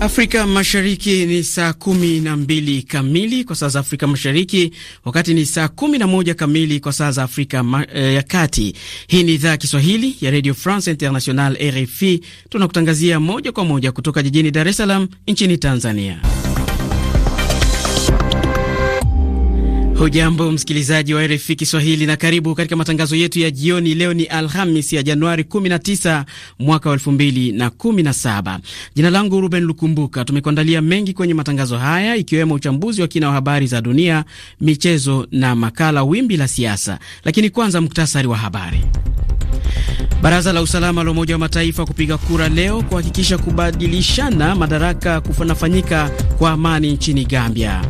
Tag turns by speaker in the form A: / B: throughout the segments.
A: Afrika Mashariki ni saa kumi na mbili kamili kwa saa za Afrika Mashariki, wakati ni saa kumi na moja kamili kwa saa za Afrika ma, e, ya Kati. Hii ni idhaa ya Kiswahili ya Radio France International, RFI. Tunakutangazia moja kwa moja kutoka jijini Dar es Salaam nchini Tanzania. Hujambo msikilizaji wa RFI Kiswahili na karibu katika matangazo yetu ya jioni. Leo ni Alhamis ya Januari 19 mwaka 2017. Jina langu Ruben Lukumbuka. Tumekuandalia mengi kwenye matangazo haya, ikiwemo uchambuzi wa kina wa habari za dunia, michezo na makala wimbi la siasa, lakini kwanza muktasari wa habari. Baraza la usalama la Umoja wa Mataifa kupiga kura leo kuhakikisha kubadilishana madaraka kunafanyika kwa amani nchini Gambia.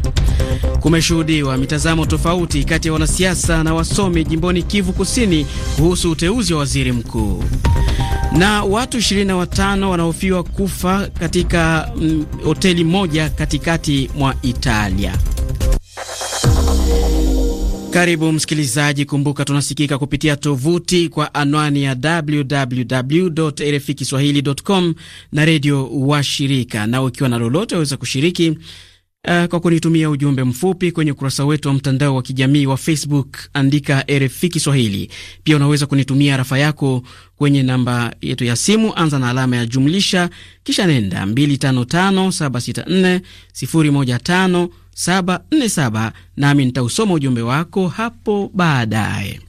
A: Kumeshuhudiwa mitazamo tofauti kati ya wanasiasa na wasomi jimboni Kivu Kusini kuhusu uteuzi wa waziri mkuu. Na watu 25 wanahofiwa kufa katika mm, hoteli moja katikati mwa Italia. Karibu msikilizaji, kumbuka tunasikika kupitia tovuti kwa anwani ya www RFI Kiswahili.com na redio washirika. Nao ukiwa na lolote waweza kushiriki uh, kwa kunitumia ujumbe mfupi kwenye ukurasa wetu wa mtandao wa kijamii wa Facebook, andika RFI Kiswahili. Pia unaweza kunitumia rafa yako kwenye namba yetu ya simu, anza na alama ya jumlisha kisha nenda 255764015747 nami nitausoma ujumbe wako hapo baadaye.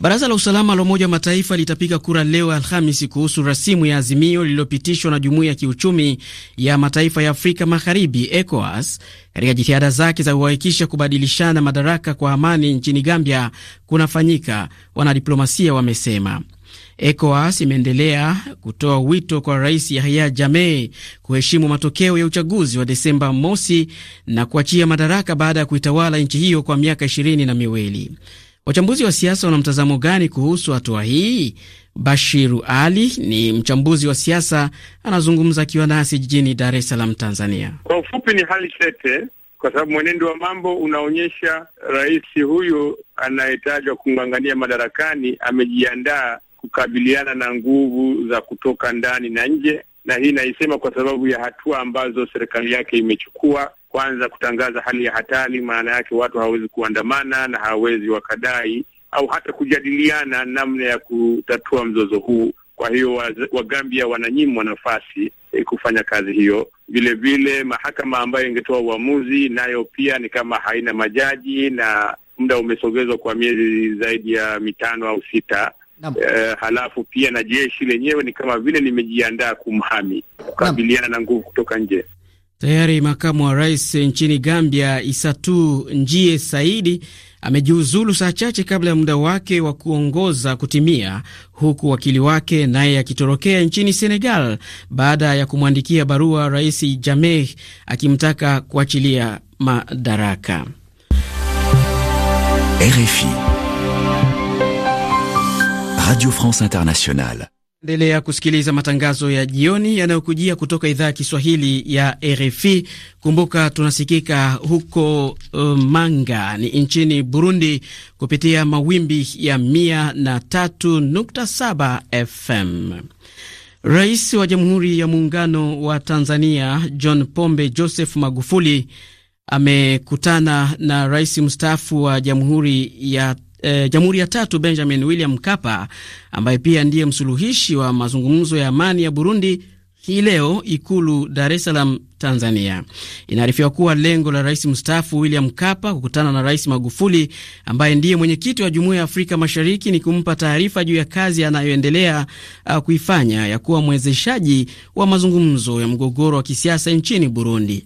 A: Baraza la usalama la Umoja wa Mataifa litapiga kura leo Alhamisi kuhusu rasimu ya azimio lililopitishwa na Jumuiya ya Kiuchumi ya Mataifa ya Afrika Magharibi, ECOWAS, katika jitihada zake za kuhakikisha kubadilishana madaraka kwa amani nchini Gambia kunafanyika, wanadiplomasia wamesema. ECOWAS imeendelea kutoa wito kwa Rais Yahya Jammeh kuheshimu matokeo ya uchaguzi wa Desemba mosi na kuachia madaraka baada ya kuitawala nchi hiyo kwa miaka ishirini na miwili. Wachambuzi wa siasa wana mtazamo gani kuhusu hatua hii? Bashiru Ali ni mchambuzi wa siasa, anazungumza akiwa nasi jijini Dar es Salaam, Tanzania. Kwa
B: ufupi, ni hali tete kwa sababu mwenendo wa mambo unaonyesha rais huyu anayetajwa kung'ang'ania madarakani amejiandaa kukabiliana na nguvu za kutoka ndani na nje, na hii naisema kwa sababu ya hatua ambazo serikali yake imechukua kwanza kutangaza hali ya hatari, maana yake watu hawawezi kuandamana na hawawezi wakadai au hata kujadiliana namna ya kutatua mzozo huu. Kwa hiyo Wagambia wananyimwa nafasi eh, kufanya kazi hiyo. Vile vile mahakama ambayo ingetoa uamuzi nayo pia ni kama haina majaji na muda umesogezwa kwa miezi zaidi ya mitano au sita. Eh, halafu pia na jeshi lenyewe ni kama vile limejiandaa kumhami kukabiliana na nguvu kutoka nje.
A: Tayari makamu wa rais nchini Gambia Isatu Njie Saidi amejiuzulu saa chache kabla ya muda wake wa kuongoza kutimia, huku wakili wake naye akitorokea nchini Senegal baada ya kumwandikia barua Rais Jammeh akimtaka kuachilia madaraka. RFI
C: Radio France Internationale.
A: Endelea kusikiliza matangazo ya jioni yanayokujia kutoka idhaa ya Kiswahili ya RFI. Kumbuka tunasikika huko uh, Manga ni nchini Burundi kupitia mawimbi ya 103.7 FM. Rais wa Jamhuri ya Muungano wa Tanzania John Pombe Joseph Magufuli amekutana na rais mstaafu wa Jamhuri ya eh, jamhuri ya tatu Benjamin William Mkapa ambaye pia ndiye msuluhishi wa mazungumzo ya amani ya Burundi hii leo Ikulu Dar es Salaam, Tanzania. Inaarifiwa kuwa lengo la rais mstaafu William Mkapa kukutana na Rais Magufuli ambaye ndiye mwenyekiti wa Jumuiya ya Afrika Mashariki ni kumpa taarifa juu ya kazi anayoendelea uh, kuifanya ya kuwa mwezeshaji wa mazungumzo ya mgogoro wa kisiasa nchini Burundi.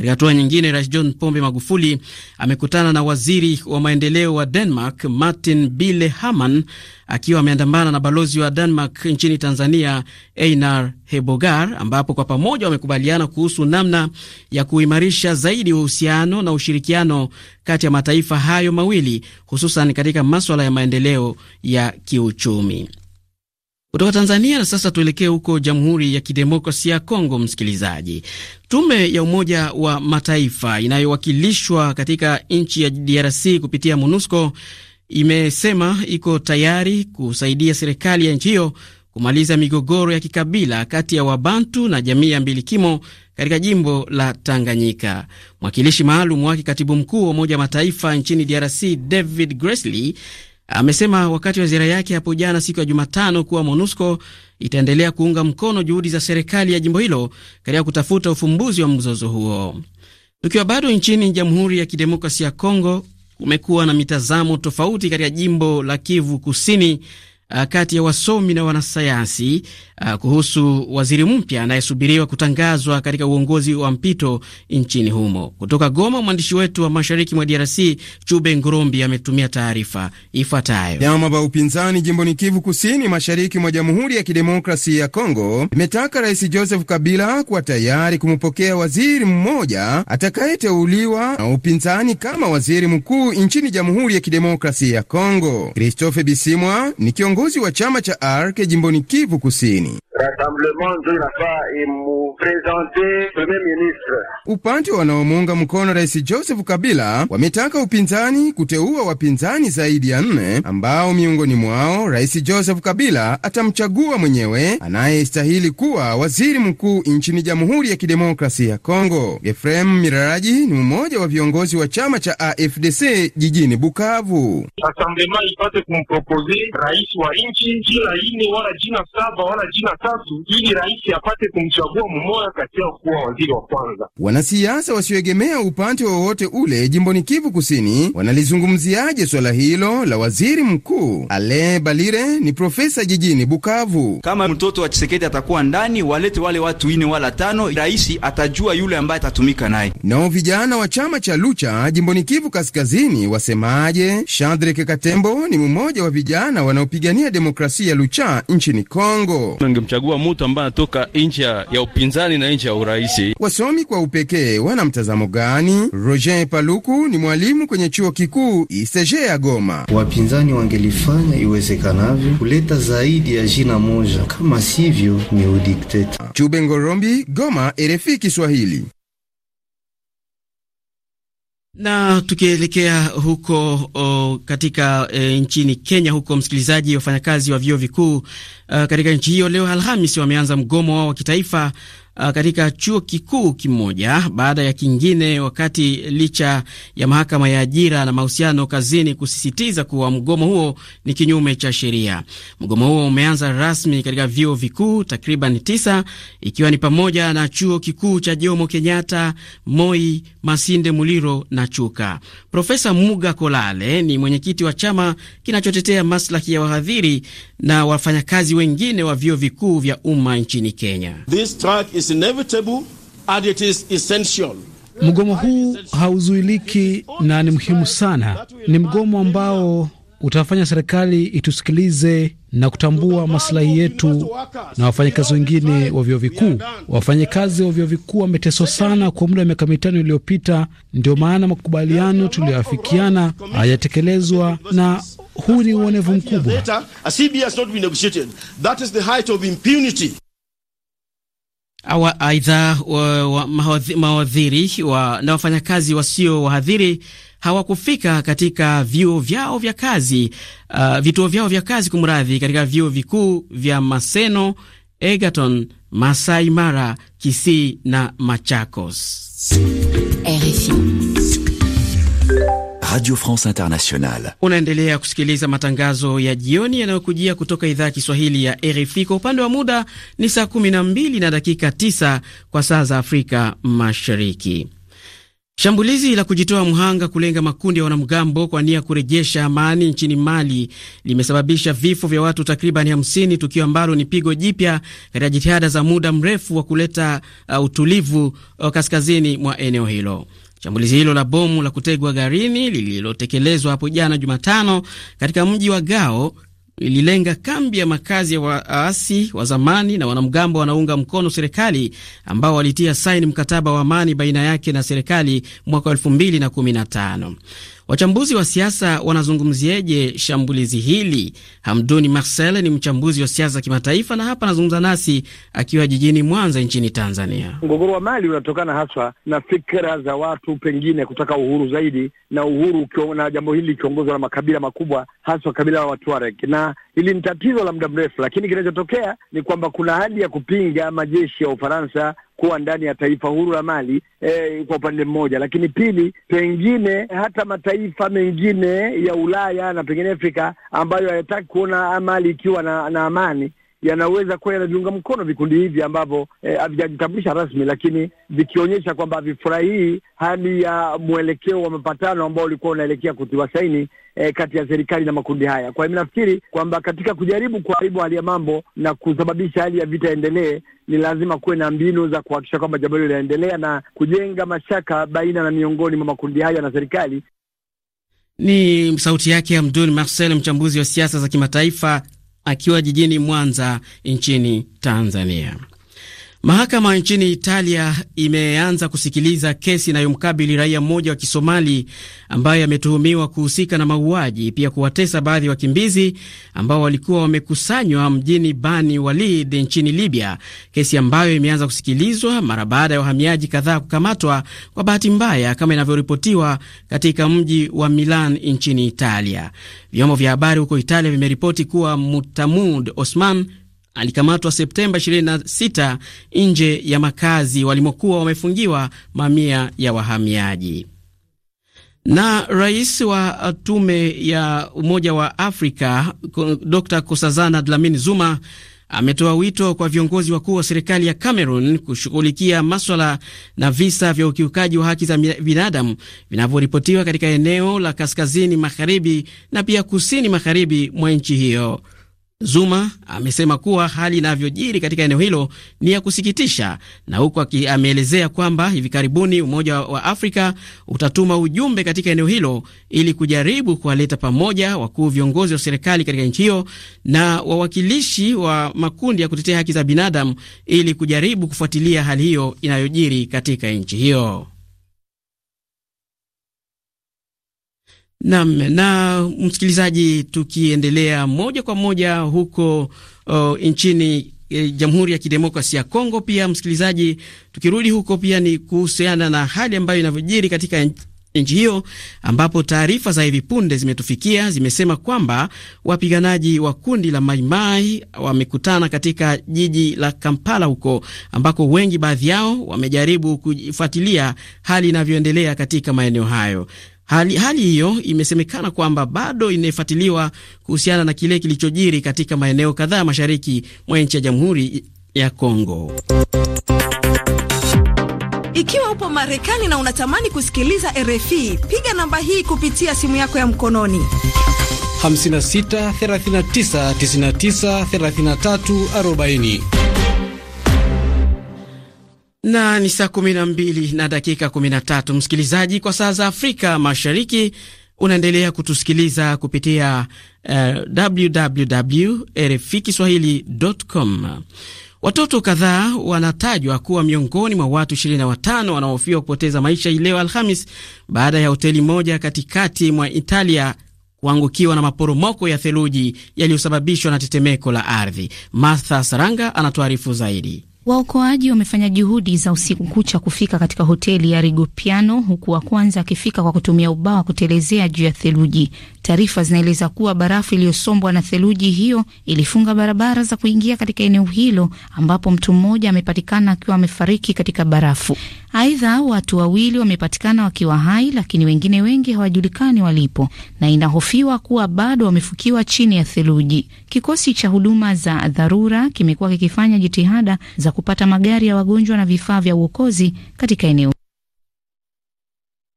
A: Katika hatua nyingine, Rais John Pombe Magufuli amekutana na waziri wa maendeleo wa Denmark Martin Bille haman akiwa ameandamana na balozi wa Denmark nchini Tanzania Einar Hebogar, ambapo kwa pamoja wamekubaliana kuhusu namna ya kuimarisha zaidi uhusiano na ushirikiano kati ya mataifa hayo mawili, hususan katika maswala ya maendeleo ya kiuchumi kutoka Tanzania. Na sasa tuelekee huko Jamhuri ya Kidemokrasia ya Kongo. Msikilizaji, tume ya Umoja wa Mataifa inayowakilishwa katika nchi ya DRC kupitia MONUSCO imesema iko tayari kusaidia serikali ya nchi hiyo kumaliza migogoro ya kikabila kati ya Wabantu na jamii ya mbilikimo katika jimbo la Tanganyika. Mwakilishi maalum wake katibu mkuu wa Umoja wa Mataifa nchini DRC David Gresley amesema wakati wa ziara yake hapo jana siku ya Jumatano kuwa MONUSCO itaendelea kuunga mkono juhudi za serikali ya jimbo hilo katika kutafuta ufumbuzi wa mzozo huo. Tukiwa bado nchini Jamhuri ya Kidemokrasia ya Kongo, kumekuwa na mitazamo tofauti katika jimbo la Kivu Kusini uh, kati ya wasomi na wanasayansi uh, kuhusu waziri mpya anayesubiriwa kutangazwa katika uongozi wa mpito nchini humo. Kutoka Goma, mwandishi wetu wa mashariki mwa DRC Chube Ngorombi ametumia taarifa ifuatayo.
D: Vyama vya upinzani jimboni Kivu Kusini, mashariki mwa Jamhuri ya Kidemokrasia ya Kongo vimetaka Rais Joseph Kabila kuwa tayari kumpokea waziri mmoja atakayeteuliwa na upinzani kama waziri mkuu nchini Jamhuri ya Kidemokrasia ya Kongo. Christophe Bisimwa ni kiongozi Kiongozi wa chama cha ARC jimboni Kivu Kusini. Upande wanaomuunga mkono Rais Joseph Kabila wametaka upinzani kuteua wapinzani zaidi ya nne ambao miongoni mwao Rais Joseph Kabila atamchagua mwenyewe anayestahili kuwa waziri mkuu nchini Jamhuri ya Kidemokrasia ya Kongo. Efrem Miraraji ni mmoja wa viongozi wa chama cha AFDC jijini Bukavu.
E: Rassemblement ipate kumpropoze rais wa nchi jina ine wala jina saba wala jina tatu, ili rais apate kumchagua mmoja kati yao kuwa waziri wa kwanza. Wanasiasa
D: wasioegemea upande wowote ule jimboni Kivu Kusini wanalizungumziaje swala hilo la waziri mkuu? Ale Balire ni profesa jijini Bukavu.
F: Kama mtoto wa Chisekedi atakuwa ndani, walete wale watu ine wala tano, rais atajua yule ambaye atatumika naye.
D: Nao vijana wa chama cha Lucha jimboni Kivu Kaskazini wasemaje? Shandreke Katembo ni mmoja wa vijana wanaopigania kupigania demokrasia ya Lucha nchini Kongo. Ningemchagua mtu ambaye anatoka nchi ya upinzani na nchi ya urahisi. Wasomi kwa upekee wana mtazamo gani? Roger Paluku ni mwalimu kwenye chuo kikuu Iseje ya Goma. Wapinzani wangelifanya iwezekanavyo kuleta zaidi ya jina moja, kama sivyo ni udikteta. Chube Ngorombi, Goma, RFI Kiswahili.
A: Na tukielekea huko o, katika e, nchini Kenya huko, msikilizaji, wafanyakazi wa vyuo vikuu uh, katika nchi hiyo leo Alhamis wameanza mgomo wao wa kitaifa Uh, katika chuo kikuu kimoja baada ya kingine, wakati licha ya mahakama ya ajira na mahusiano kazini kusisitiza kuwa mgomo huo ni kinyume cha sheria. Mgomo huo umeanza rasmi katika vyuo vikuu takriban tisa ikiwa ni pamoja na chuo kikuu cha Jomo Kenyatta, Moi, Masinde Muliro na Chuka. Profesa Muga Kolale ni mwenyekiti wa chama kinachotetea maslahi ya wahadhiri na wafanyakazi wengine wa vyuo vikuu vya umma nchini Kenya. This is inevitable and it is essential.
F: Mgomo huu hauzuiliki na ni muhimu sana. Ni mgomo ambao utafanya serikali itusikilize na kutambua maslahi yetu na wafanyakazi wengine wa vyuo vikuu. Wafanyakazi wa vyuo vikuu wameteswa sana kwa muda wa miaka mitano iliyopita, ndio maana makubaliano tuliyoafikiana hayatekelezwa, na huu ni uonevu mkubwa
A: awa Aidha, mawaziri na wafanyakazi wasio wahadhiri hawakufika katika vyuo vyao vya kazi uh, vituo vyao vya kazi kumradhi, katika vyuo vikuu vya Maseno, Egerton, Masai Mara, Kisii na Machakos.
C: RFI.
A: Radio France Internationale. Unaendelea kusikiliza matangazo ya jioni yanayokujia kutoka idhaa ya Kiswahili ya RFI. Kwa upande wa muda ni saa 12 na dakika 9 kwa saa za Afrika Mashariki. Shambulizi la kujitoa mhanga kulenga makundi ya wanamgambo kwa nia ya kurejesha amani nchini Mali limesababisha vifo vya watu takriban 50, tukio ambalo ni pigo jipya katika jitihada za muda mrefu wa kuleta uh, utulivu uh, kaskazini mwa eneo hilo. Shambulizi hilo la bomu la kutegwa garini lililotekelezwa hapo jana Jumatano katika mji wa Gao lililenga kambi ya makazi ya waasi wa zamani na wanamgambo wanaunga mkono serikali ambao walitia saini mkataba wa amani baina yake na serikali mwaka 2015. Wachambuzi wa siasa wanazungumzieje shambulizi hili? Hamduni Marcel ni mchambuzi wa siasa za kimataifa na hapa anazungumza nasi akiwa jijini Mwanza nchini Tanzania.
G: Mgogoro wa Mali unatokana haswa na fikra za watu pengine kutaka uhuru zaidi na uhuru kio, na jambo hili likiongozwa na makabila makubwa haswa kabila la Watuareg, na hili ni tatizo la muda mrefu, lakini kinachotokea ni kwamba kuna hali ya kupinga majeshi ya Ufaransa kuwa ndani ya taifa huru la Mali eh, kwa upande mmoja, lakini pili, pengine hata mataifa mengine ya Ulaya na pengine Afrika ambayo hayataki kuona Mali ikiwa na, na amani yanaweza kuwa yanaviunga mkono vikundi hivi ambavyo eh, havijajitambulisha eh, rasmi, lakini vikionyesha kwamba havifurahii hali ya mwelekeo wa mapatano ambao ulikuwa unaelekea kutiwa saini eh, kati ya serikali na makundi haya. Kwa hiyo nafikiri kwamba katika kujaribu kuharibu hali ya mambo na kusababisha hali ya vita endelee, ni lazima kuwe na mbinu za kuhakikisha kwamba jambo hilo linaendelea na kujenga mashaka baina na miongoni mwa makundi haya na serikali.
A: Ni sauti yake Hamdun Marcel, mchambuzi wa siasa za kimataifa akiwa jijini Mwanza nchini Tanzania. Mahakama nchini Italia imeanza kusikiliza kesi inayomkabili raia mmoja wa Kisomali ambaye ametuhumiwa kuhusika na mauaji, pia kuwatesa baadhi ya wakimbizi ambao walikuwa wamekusanywa mjini Bani Walid nchini Libya, kesi ambayo imeanza kusikilizwa mara baada ya wahamiaji kadhaa kukamatwa kwa bahati mbaya, kama inavyoripotiwa katika mji wa Milan nchini Italia. Vyombo vya habari huko Italia vimeripoti kuwa Mutamud Osman alikamatwa Septemba 26 nje ya makazi walimokuwa wamefungiwa mamia ya wahamiaji. Na rais wa tume ya Umoja wa Afrika Dr Kosazana Dlamini Zuma ametoa wito kwa viongozi wakuu wa serikali ya Cameroon kushughulikia maswala na visa vya ukiukaji wa haki za binadamu vinavyoripotiwa katika eneo la kaskazini magharibi na pia kusini magharibi mwa nchi hiyo. Zuma amesema kuwa hali inavyojiri katika eneo hilo ni ya kusikitisha, na huku ameelezea kwamba hivi karibuni Umoja wa Afrika utatuma ujumbe katika eneo hilo ili kujaribu kuwaleta pamoja wakuu viongozi wa serikali katika nchi hiyo na wawakilishi wa makundi ya kutetea haki za binadamu ili kujaribu kufuatilia hali hiyo inayojiri katika nchi hiyo. Nam na msikilizaji, tukiendelea moja kwa moja huko uh, nchini e, Jamhuri ya Kidemokrasia ya Kongo, pia msikilizaji, tukirudi huko pia ni kuhusiana na hali ambayo inavyojiri katika nchi hiyo ambapo taarifa za hivi punde zimetufikia zimesema kwamba wapiganaji wa kundi la Maimai wamekutana katika jiji la Kampala huko ambako wengi baadhi yao wamejaribu kufuatilia hali inavyoendelea katika maeneo hayo. Hali, hali hiyo imesemekana kwamba bado inafuatiliwa kuhusiana na kile kilichojiri katika maeneo kadhaa mashariki mwa nchi ya Jamhuri ya Kongo.
H: Ikiwa upo Marekani na unatamani kusikiliza RFI, piga namba hii kupitia simu yako ya mkononi
A: 56 39 99 33 40 na ni saa kumi na mbili na dakika kumi na tatu msikilizaji, kwa saa za Afrika Mashariki unaendelea kutusikiliza kupitia uh, eh, www kiswahilicom. Watoto kadhaa wanatajwa kuwa miongoni mwa watu 25 wanaohofiwa kupoteza maisha hii leo Alhamis baada ya hoteli moja katikati mwa Italia kuangukiwa na maporomoko ya theluji yaliyosababishwa na tetemeko la ardhi. Martha Saranga anatuarifu zaidi.
I: Waokoaji wamefanya juhudi za usiku kucha kufika katika hoteli ya Rigopiano, huku wa kwanza akifika kwa kutumia ubao wa kutelezea juu ya theluji. Taarifa zinaeleza kuwa barafu iliyosombwa na theluji hiyo ilifunga barabara za kuingia katika eneo hilo, ambapo mtu mmoja amepatikana akiwa amefariki katika barafu. Aidha, watu wawili wamepatikana wakiwa hai, lakini wengine wengi hawajulikani walipo na inahofiwa kuwa bado wamefukiwa chini ya theluji. Kikosi cha huduma za dharura kimekuwa kikifanya jitihada za kuweza kupata magari ya wagonjwa na vifaa vya uokozi katika eneo.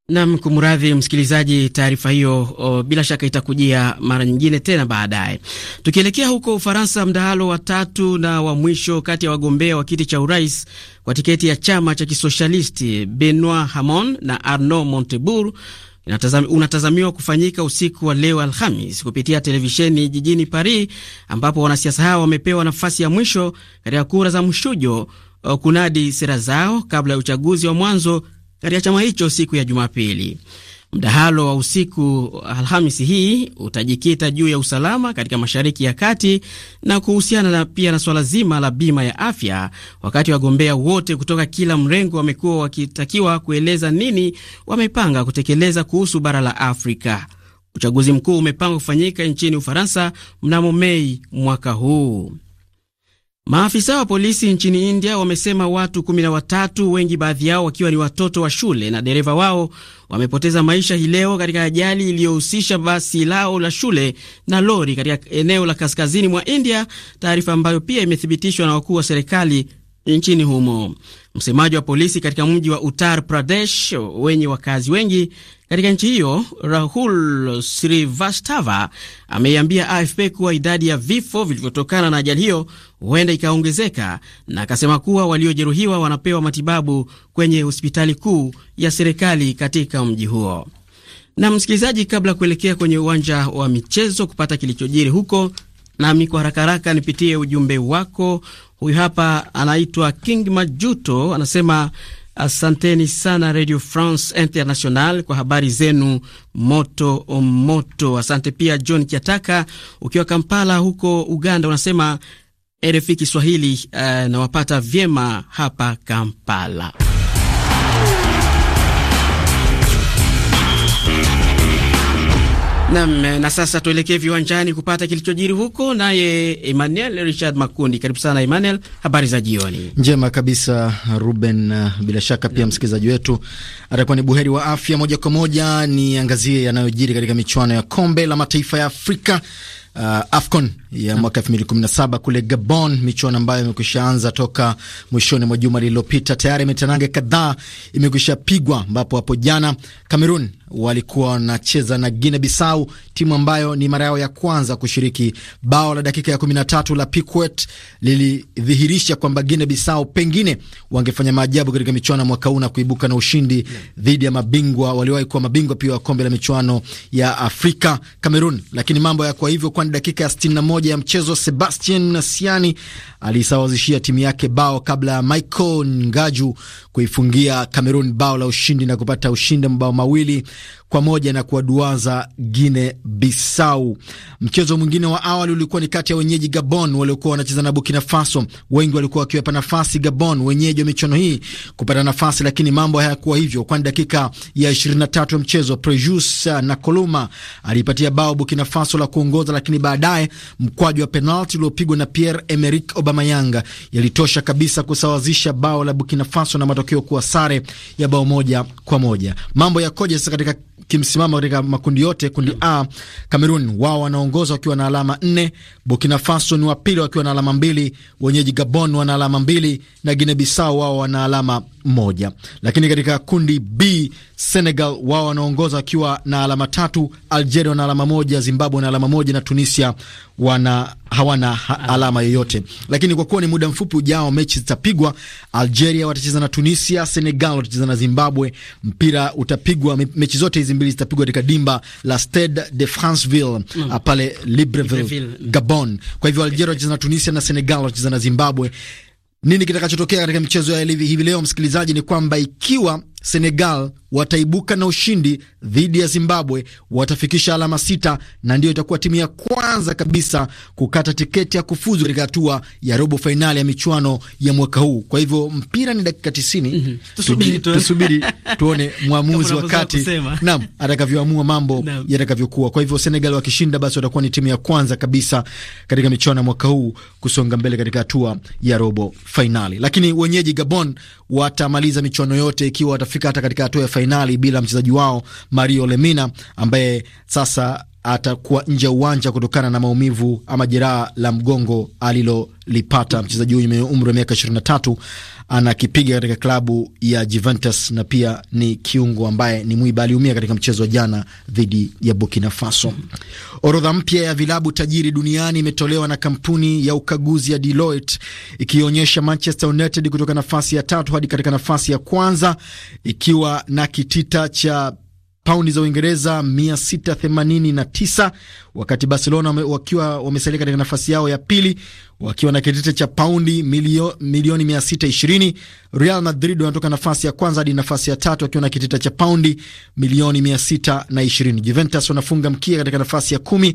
A: Nam, kumradhi msikilizaji, taarifa hiyo o, bila shaka itakujia mara nyingine tena baadaye. Tukielekea huko Ufaransa, mdahalo wa tatu na wa mwisho kati ya wagombea wa kiti cha urais kwa tiketi ya chama cha kisoshalisti Benoit Hamon na Arnaud Montebourg inatazami, unatazamiwa kufanyika usiku wa leo Alhamis kupitia televisheni jijini Paris, ambapo wanasiasa hao wamepewa nafasi ya mwisho katika kura za mshujo uh, kunadi sera zao kabla ya uchaguzi wa mwanzo katika chama hicho siku ya Jumapili. Mdahalo wa usiku Alhamisi hii utajikita juu ya usalama katika Mashariki ya Kati na kuhusiana na pia na swala zima la bima ya afya, wakati wagombea wote kutoka kila mrengo wamekuwa wakitakiwa kueleza nini wamepanga kutekeleza kuhusu bara la Afrika. Uchaguzi mkuu umepangwa kufanyika nchini Ufaransa mnamo Mei mwaka huu. Maafisa wa polisi nchini India wamesema watu 13 wengi baadhi yao wakiwa ni watoto wa shule na dereva wao wamepoteza maisha hii leo katika ajali iliyohusisha basi lao la shule na lori katika eneo la kaskazini mwa India, taarifa ambayo pia imethibitishwa na wakuu wa serikali nchini humo. Msemaji wa polisi katika mji wa Uttar Pradesh wenye wakazi wengi katika nchi hiyo. Rahul Srivastava ameiambia AFP kuwa idadi ya vifo vilivyotokana na ajali hiyo huenda ikaongezeka, na akasema kuwa waliojeruhiwa wanapewa matibabu kwenye hospitali kuu ya serikali katika mji huo. Na msikilizaji, kabla ya kuelekea kwenye uwanja wa michezo kupata kilichojiri huko, nami kwa haraka haraka nipitie ujumbe wako. Huyu hapa anaitwa King Majuto, anasema Asanteni sana Radio France International kwa habari zenu moto moto. Asante pia John Kiataka ukiwa Kampala huko Uganda, unasema RFI Kiswahili uh, nawapata vyema hapa Kampala. Nam, na sasa tuelekee viwanjani kupata kilichojiri huko, naye Emmanuel Richard Makundi. Karibu sana Emmanuel, habari za jioni.
H: Njema kabisa Ruben, bila shaka pia msikilizaji wetu atakuwa ni buheri wa afya. Moja kwa moja ni angazie yanayojiri katika michuano ya kombe la mataifa ya Afrika Uh, AFCON ya mwaka 2017 kule Gabon, michuano ambayo imekwisha anza toka mwishoni mwa juma lililopita. Tayari mitanange kadhaa imekwisha pigwa, ambapo hapo jana Cameroon walikuwa wanacheza na Guinea Bissau, timu ambayo ni mara yao ya kwanza kushiriki. Bao la dakika ya 13 la Piquet lilidhihirisha kwamba Guinea Bissau pengine wangefanya maajabu katika michuano ya mwaka huu na kuibuka na ushindi yeah, dhidi ya mabingwa waliowahi kuwa mabingwa pia wa kombe la michuano ya Afrika, Cameroon. Lakini mambo yakuwa hivyo, kwani dakika ya 61 ya mchezo sebastian Siani alisawazishia timu yake bao kabla ya Michael Ngaju kuifungia Cameroon bao la ushindi na kupata ushindi mabao mawili kwa moja na kuwaduaza Guine Bissau. Mchezo mwingine wa awali ulikuwa ni kati ya wenyeji Gabon waliokuwa wanacheza na Burkina Faso. Wengi walikuwa wakiwepa nafasi Gabon, wenyeji wa michuano hii, kupata nafasi, lakini mambo hayakuwa hivyo, kwani dakika ya 23 ya mchezo Prejus na Koluma aliipatia bao Burkina Faso la kuongoza, lakini baadaye mkwaju wa penalti uliopigwa na Pierre Emerick Obamayanga yalitosha kabisa kusawazisha bao la Burkina Faso na matokeo kuwa sare ya bao moja kwa moja. Mambo yakoje sasa katika kimsimama katika makundi yote. Kundi A, Cameroon wao wanaongoza wakiwa na alama nne. Burkina Faso ni wa pili wakiwa na alama mbili, wenyeji Gabon wana alama mbili na Guinea Bissau wao wana alama moja. Lakini katika kundi B Senegal wao wanaongoza wakiwa na alama tatu, Algeria wana alama moja, Zimbabwe wana alama moja na Tunisia wana hawana ha alama yoyote. Lakini kwa kuwa ni muda mfupi ujao mechi zitapigwa, Algeria watacheza na Tunisia, Senegal watacheza na Zimbabwe. Mpira utapigwa, mechi zote hizi mbili zitapigwa katika dimba la Stade de Franceville mm, ah, pale Libreville, Libreville, mm. Gabon. Kwa hivyo Algeria watacheza na Tunisia na Senegal watacheza na Zimbabwe. Nini kitakachotokea katika michezo ya hivi leo, msikilizaji, ni kwamba ikiwa Senegal wataibuka na ushindi dhidi ya Zimbabwe, watafikisha alama sita na ndiyo itakuwa timu ya kwanza kabisa kukata tiketi ya kufuzu katika hatua ya robo fainali ya michuano ya mwaka huu. Kwa hivyo mpira ni dakika tisini. mm -hmm. Tusubiri, tusubiri tuone mwamuzi wakati nam atakavyoamua mambo yatakavyokuwa. Kwa hivyo Senegal wakishinda, basi watakuwa ni timu ya kwanza kabisa katika michuano ya mwaka huu kusonga mbele katika hatua ya robo fainali, lakini wenyeji Gabon watamaliza michuano yote ikiwa watafika hata katika hatua ya fainali bila mchezaji wao Mario Lemina ambaye sasa atakuwa nje ya uwanja kutokana na maumivu ama jeraha la mgongo alilolipata. Mchezaji huyu mwenye umri wa miaka 23 anakipiga katika klabu ya Juventus na pia ni kiungo ambaye ni mwiba, aliumia katika mchezo wa jana dhidi ya Burkina Faso. Orodha mpya ya vilabu tajiri duniani imetolewa na kampuni ya ukaguzi ya Deloitte ikionyesha Manchester United kutoka nafasi ya tatu hadi katika nafasi ya kwanza ikiwa na kitita cha paundi za Uingereza 689 wakati Barcelona wakiwa wamesalia katika nafasi yao ya pili wakiwa na kitete cha paundi milio, milioni 620. Real Madrid wanatoka nafasi ya kwanza hadi nafasi ya tatu wakiwa na kitete cha paundi milioni 620. Juventus wanafunga mkia katika nafasi ya kumi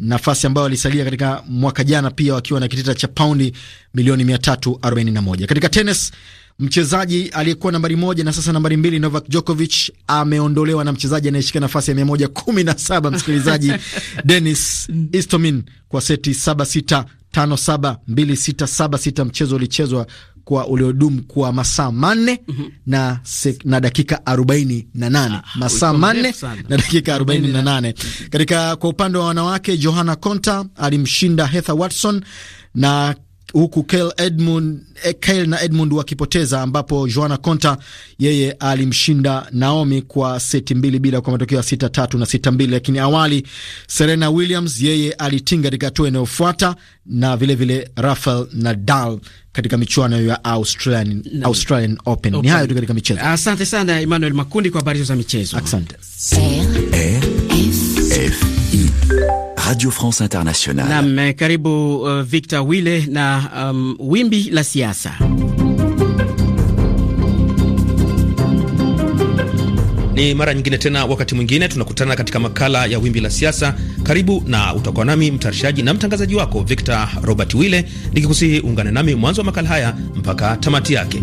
H: nafasi ambayo walisalia katika mwaka jana pia wakiwa na kitita cha paundi milioni 341. Katika tenis Mchezaji aliyekuwa nambari moja na sasa nambari mbili Novak Djokovic ameondolewa na mchezaji anayeshika nafasi ya mia moja kumi na saba msikilizaji, Denis Istomin kwa seti saba sita tano saba mbili sita saba sita. Mchezo ulichezwa kwa uliodumu kwa masaa manne mm -hmm. na, se, na dakika arobaini na nane ah, masaa manne na dakika arobaini na nane Katika kwa upande wa wanawake, Johanna Konta alimshinda Heather Watson na huku Kyle, Edmund, eh, Kyle na Edmund wakipoteza, ambapo Joanna Konta yeye alimshinda Naomi kwa seti mbili bila kwa matokeo ya sita tatu na sita mbili. Lakini awali Serena Williams yeye alitinga katika hatua inayofuata na vilevile vile Rafael Nadal katika michuano ya Australian, Australian Open. Ni hayo tu katika michezo.
A: Asante sana Emmanuel Makundi kwa habari za michezo. Asante. Radio
C: France Internationale.
A: Nam, eh, karibu uh, Victor Wile na um, wimbi la siasa.
F: Ni mara nyingine tena, wakati mwingine tunakutana katika makala ya wimbi la siasa. Karibu na utakuwa nami mtayarishaji na mtangazaji wako Victor Robert Wile, nikikusihi uungane nami mwanzo wa makala haya mpaka tamati yake.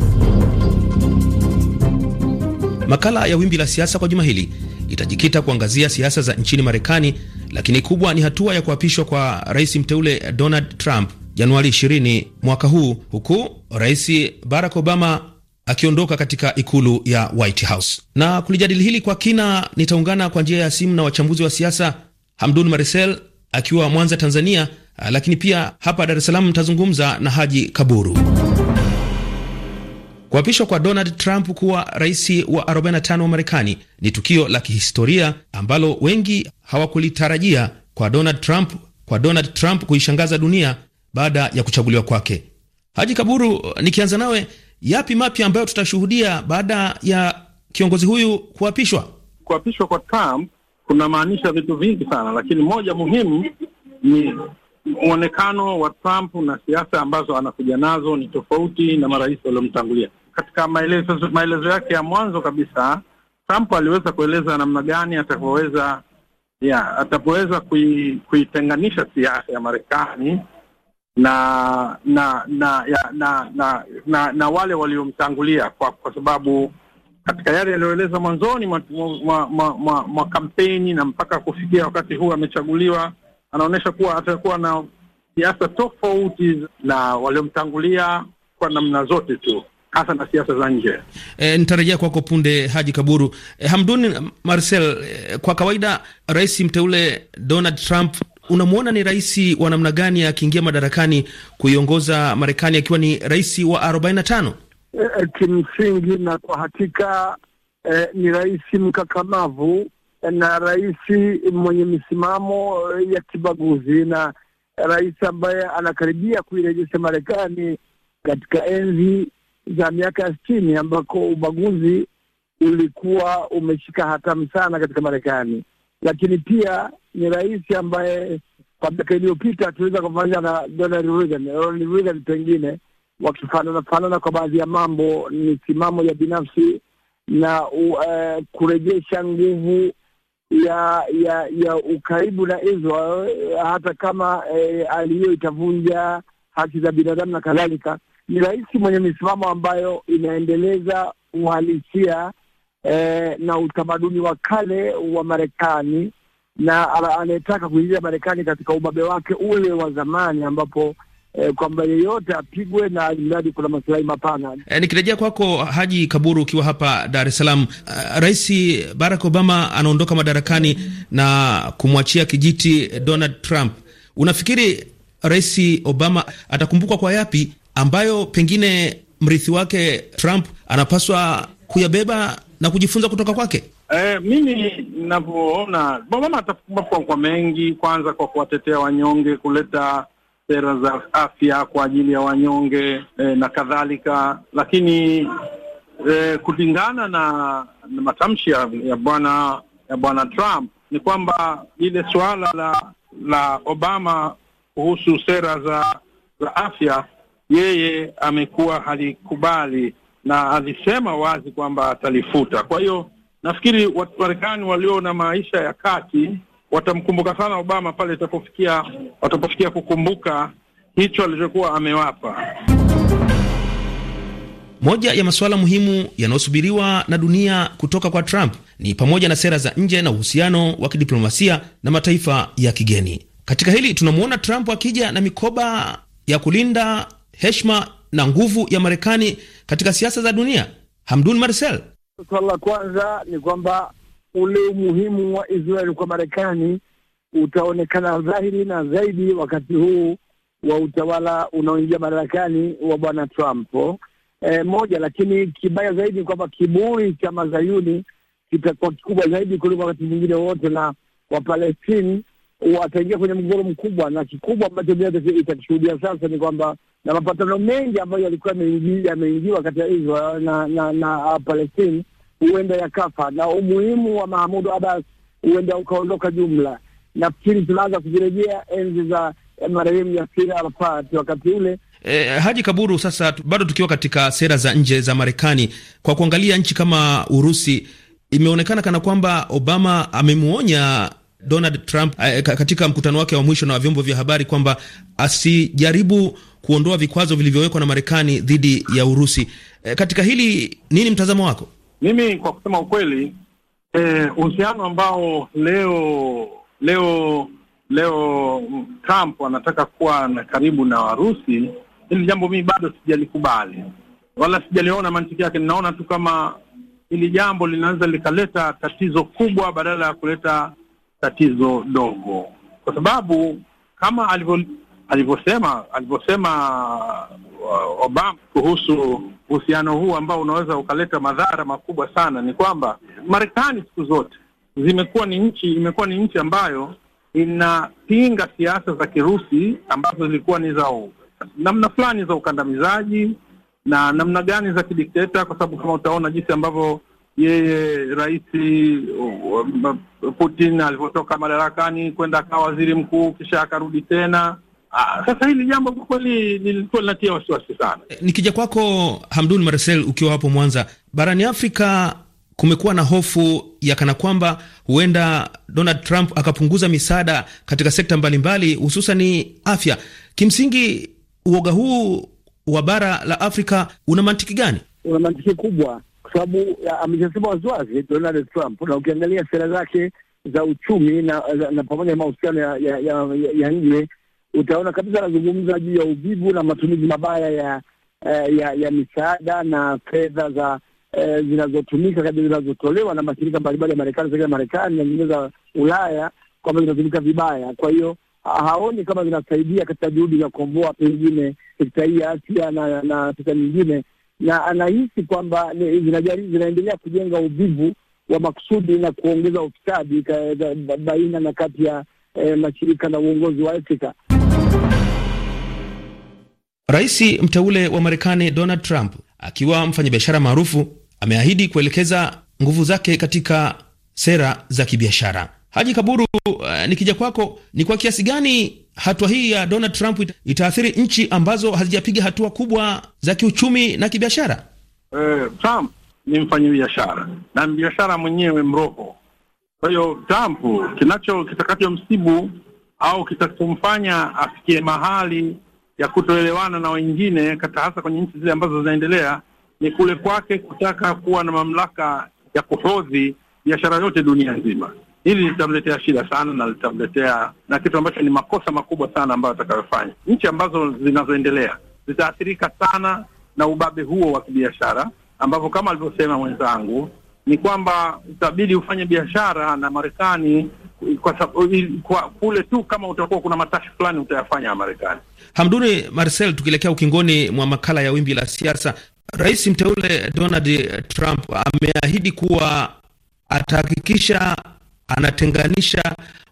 F: Makala ya wimbi la siasa kwa juma hili itajikita kuangazia siasa za nchini Marekani lakini kubwa ni hatua ya kuapishwa kwa rais mteule Donald Trump Januari 20 mwaka huu, huku rais Barack Obama akiondoka katika ikulu ya White House. Na kulijadili hili kwa kina, nitaungana kwa njia ya simu na wachambuzi wa siasa, Hamdun Marisel akiwa Mwanza, Tanzania, lakini pia hapa Dar es Salaam nitazungumza na Haji Kaburu. Kuapishwa kwa Donald Trump kuwa rais wa 45 wa Marekani ni tukio la kihistoria ambalo wengi hawakulitarajia kwa Donald Trump, kwa Donald Trump kuishangaza dunia baada ya kuchaguliwa kwake. Haji Kaburu, nikianza nawe, yapi mapya ambayo tutashuhudia baada ya kiongozi huyu kuapishwa? Kuapishwa kwa Trump kunamaanisha vitu vingi sana, lakini moja muhimu
J: ni mwonekano wa Trump na siasa ambazo anakuja nazo ni tofauti na marais waliomtangulia katika maelezo maelezo yake ya mwanzo kabisa Trump aliweza kueleza namna gani atakavyoweza ya atapoweza kuitenganisha kui siasa ya Marekani na na na, ya, na na na na wale waliomtangulia kwa, kwa sababu katika yale yaliyoeleza mwanzoni mwa, ma, ma, ma, mwa kampeni na mpaka kufikia wakati huu amechaguliwa, anaonyesha kuwa atakuwa na siasa tofauti na waliomtangulia kwa namna zote tu hasa na siasa za nje.
F: E, nitarejea kwako punde Haji Kaburu. E, Hamdun Marcel, e, kwa kawaida rais mteule Donald Trump unamwona ni rais wa namna gani akiingia madarakani kuiongoza Marekani akiwa ni rais wa arobaini na tano?
G: E, kimsingi na kwa hakika e, ni rais mkakamavu na rais mwenye misimamo ya kibaguzi na rais ambaye anakaribia kuirejesha Marekani katika enzi za miaka ya sitini ambako ubaguzi ulikuwa umeshika hatamu sana katika Marekani, lakini pia ni rais ambaye kwa miaka iliyopita tuliweza kufanya na Donald Reagan. Ronald Reagan pengine wakifanana fanana kwa baadhi ya mambo, misimamo ya binafsi na uh, kurejesha nguvu ya ya ya ukaribu na Israel hata kama eh, hali hiyo itavunja haki za binadamu na kadhalika ni rais mwenye misimamo ambayo inaendeleza uhalisia eh, na utamaduni wa kale wa Marekani na anayetaka kuingia Marekani katika ubabe wake ule wa zamani ambapo eh, kwamba yeyote apigwe na mradi kuna masilahi mapana.
F: E, nikirejea kwako Haji Kaburu, ukiwa hapa Dar es Salaam, uh, Rais Barack Obama anaondoka madarakani na kumwachia kijiti Donald Trump. Unafikiri Rais Obama atakumbukwa kwa yapi ambayo pengine mrithi wake Trump anapaswa kuyabeba na kujifunza kutoka kwake?
J: Eh, mimi ninavyoona Obama atakumbukwa kwa mengi, kwanza kwa kuwatetea wanyonge, kuleta sera za afya kwa ajili ya wanyonge eh, na kadhalika, lakini eh, kulingana na, na matamshi ya, ya bwana ya bwana Trump ni kwamba lile suala la la Obama kuhusu sera za za afya yeye amekuwa halikubali na alisema wazi kwamba atalifuta. Kwa hiyo nafikiri marekani walio na maisha ya kati watamkumbuka sana Obama pale itapofikia watapofikia kukumbuka hicho alichokuwa amewapa.
F: Moja ya masuala muhimu yanayosubiriwa na dunia kutoka kwa Trump ni pamoja na sera za nje na uhusiano wa kidiplomasia na mataifa ya kigeni. Katika hili tunamwona Trump akija na mikoba ya kulinda heshima na nguvu ya Marekani katika siasa za dunia? Hamdun Marcel.
G: Swala la kwanza ni kwamba ule umuhimu wa Israel kwa Marekani utaonekana dhahiri na zaidi wakati huu wa utawala unaoingia madarakani wa bwana Trump. E, moja, lakini kibaya zaidi ni kwamba kiburi cha mazayuni kitakuwa kikubwa zaidi kuliko wakati mwingine wote, na Wapalestini wataingia kwenye mgogoro mkubwa, na kikubwa ambacho itakishuhudia sasa ni kwamba na mapatano mengi ambayo yalikuwa yameingiwa kati ya Israel na na, na uh, Palestine huenda yakafa, na umuhimu wa Mahmud Abbas huenda ukaondoka jumla. Nafikiri tunaanza kujirejea enzi za eh, marehemu Yasir Arafat wakati ule.
F: E, Haji Kaburu, sasa bado tukiwa katika sera za nje za Marekani, kwa kuangalia nchi kama Urusi, imeonekana kana kwamba Obama amemuonya Donald Trump eh, katika mkutano wake wa mwisho na vyombo vya habari kwamba asijaribu kuondoa vikwazo vilivyowekwa na Marekani dhidi ya Urusi. E, katika hili nini mtazamo wako?
J: Mimi kwa kusema ukweli, eh, uhusiano ambao leo leo leo Trump anataka kuwa na karibu na Warusi, hili jambo mimi bado sijalikubali wala sijaliona mantiki yake. Ninaona tu kama hili jambo linaweza likaleta tatizo kubwa badala ya kuleta tatizo dogo, kwa sababu kama alivyosema alivyosema uh, Obama kuhusu uhusiano huu ambao unaweza ukaleta madhara makubwa sana, ni kwamba Marekani siku zote zimekuwa ni nchi imekuwa ni nchi ambayo inapinga siasa za Kirusi ambazo zilikuwa ni za namna fulani za ukandamizaji na namna gani za kidikteta, kwa sababu kama utaona jinsi ambavyo yeye Rais uh, uh, Putin alivyotoka madarakani kwenda akawa waziri mkuu kisha
F: akarudi tena. Ah, sasa hili jambo kwa kweli lilikuwa linatia wasiwasi sana. E, nikija kwako Hamdun Marcel, ukiwa hapo Mwanza, barani Afrika kumekuwa na hofu ya kana kwamba huenda Donald Trump akapunguza misaada katika sekta mbalimbali hususani afya. Kimsingi uoga huu wa bara la Afrika una mantiki gani?
G: Una mantiki kubwa sababu ameshasema waziwazi Donald Trump, na ukiangalia sera zake za uchumi na, na, na pamoja na mahusiano ya, ya, ya, ya nje utaona kabisa anazungumza juu ya uvivu na matumizi mabaya ya eh, ya, ya misaada na fedha za eh, zinazotumika kabisa zinazotolewa na mashirika mbalimbali ya Marekani, serikali ya Marekani na nyingine za Ulaya kwamba zinatumika vibaya. Kwa hiyo haoni kama zinasaidia katika juhudi za kukomboa pengine sekta hii ya afya na, na sekta nyingine na anahisi kwamba zinaendelea kujenga uvivu wa makusudi na kuongeza ufisadi baina na kati ya eh, mashirika na uongozi wa Afrika.
F: Rais mteule wa Marekani Donald Trump akiwa mfanyabiashara maarufu ameahidi kuelekeza nguvu zake katika sera za kibiashara. Haji Kaburu, uh, nikija kwako, ni kwa kiasi gani hatua hii ya Donald Trump itaathiri nchi ambazo hazijapiga hatua kubwa za kiuchumi na kibiashara?
J: Uh, Trump ni mfanyi biashara na biashara mwenyewe mroho. Kwa hiyo Trump kinacho kitakachomsibu au kitakachomfanya afikie mahali ya kutoelewana na wengine kata hasa kwenye nchi zile ambazo zinaendelea ni kule kwake kutaka kuwa na mamlaka ya kuhodhi biashara yote dunia nzima. Hili litamletea shida sana na litamletea na kitu ambacho ni makosa makubwa sana ambayo atakayofanya. Nchi ambazo zinazoendelea zitaathirika sana na ubabe huo wa kibiashara, ambapo kama alivyosema mwenzangu ni kwamba utabidi ufanye biashara na Marekani kwa kwa kule tu kama utakuwa kuna matashi fulani utayafanya ya Marekani.
F: Hamduni Marcel, tukielekea ukingoni mwa makala ya wimbi la siasa, Rais mteule Donald Trump ameahidi kuwa atahakikisha anatenganisha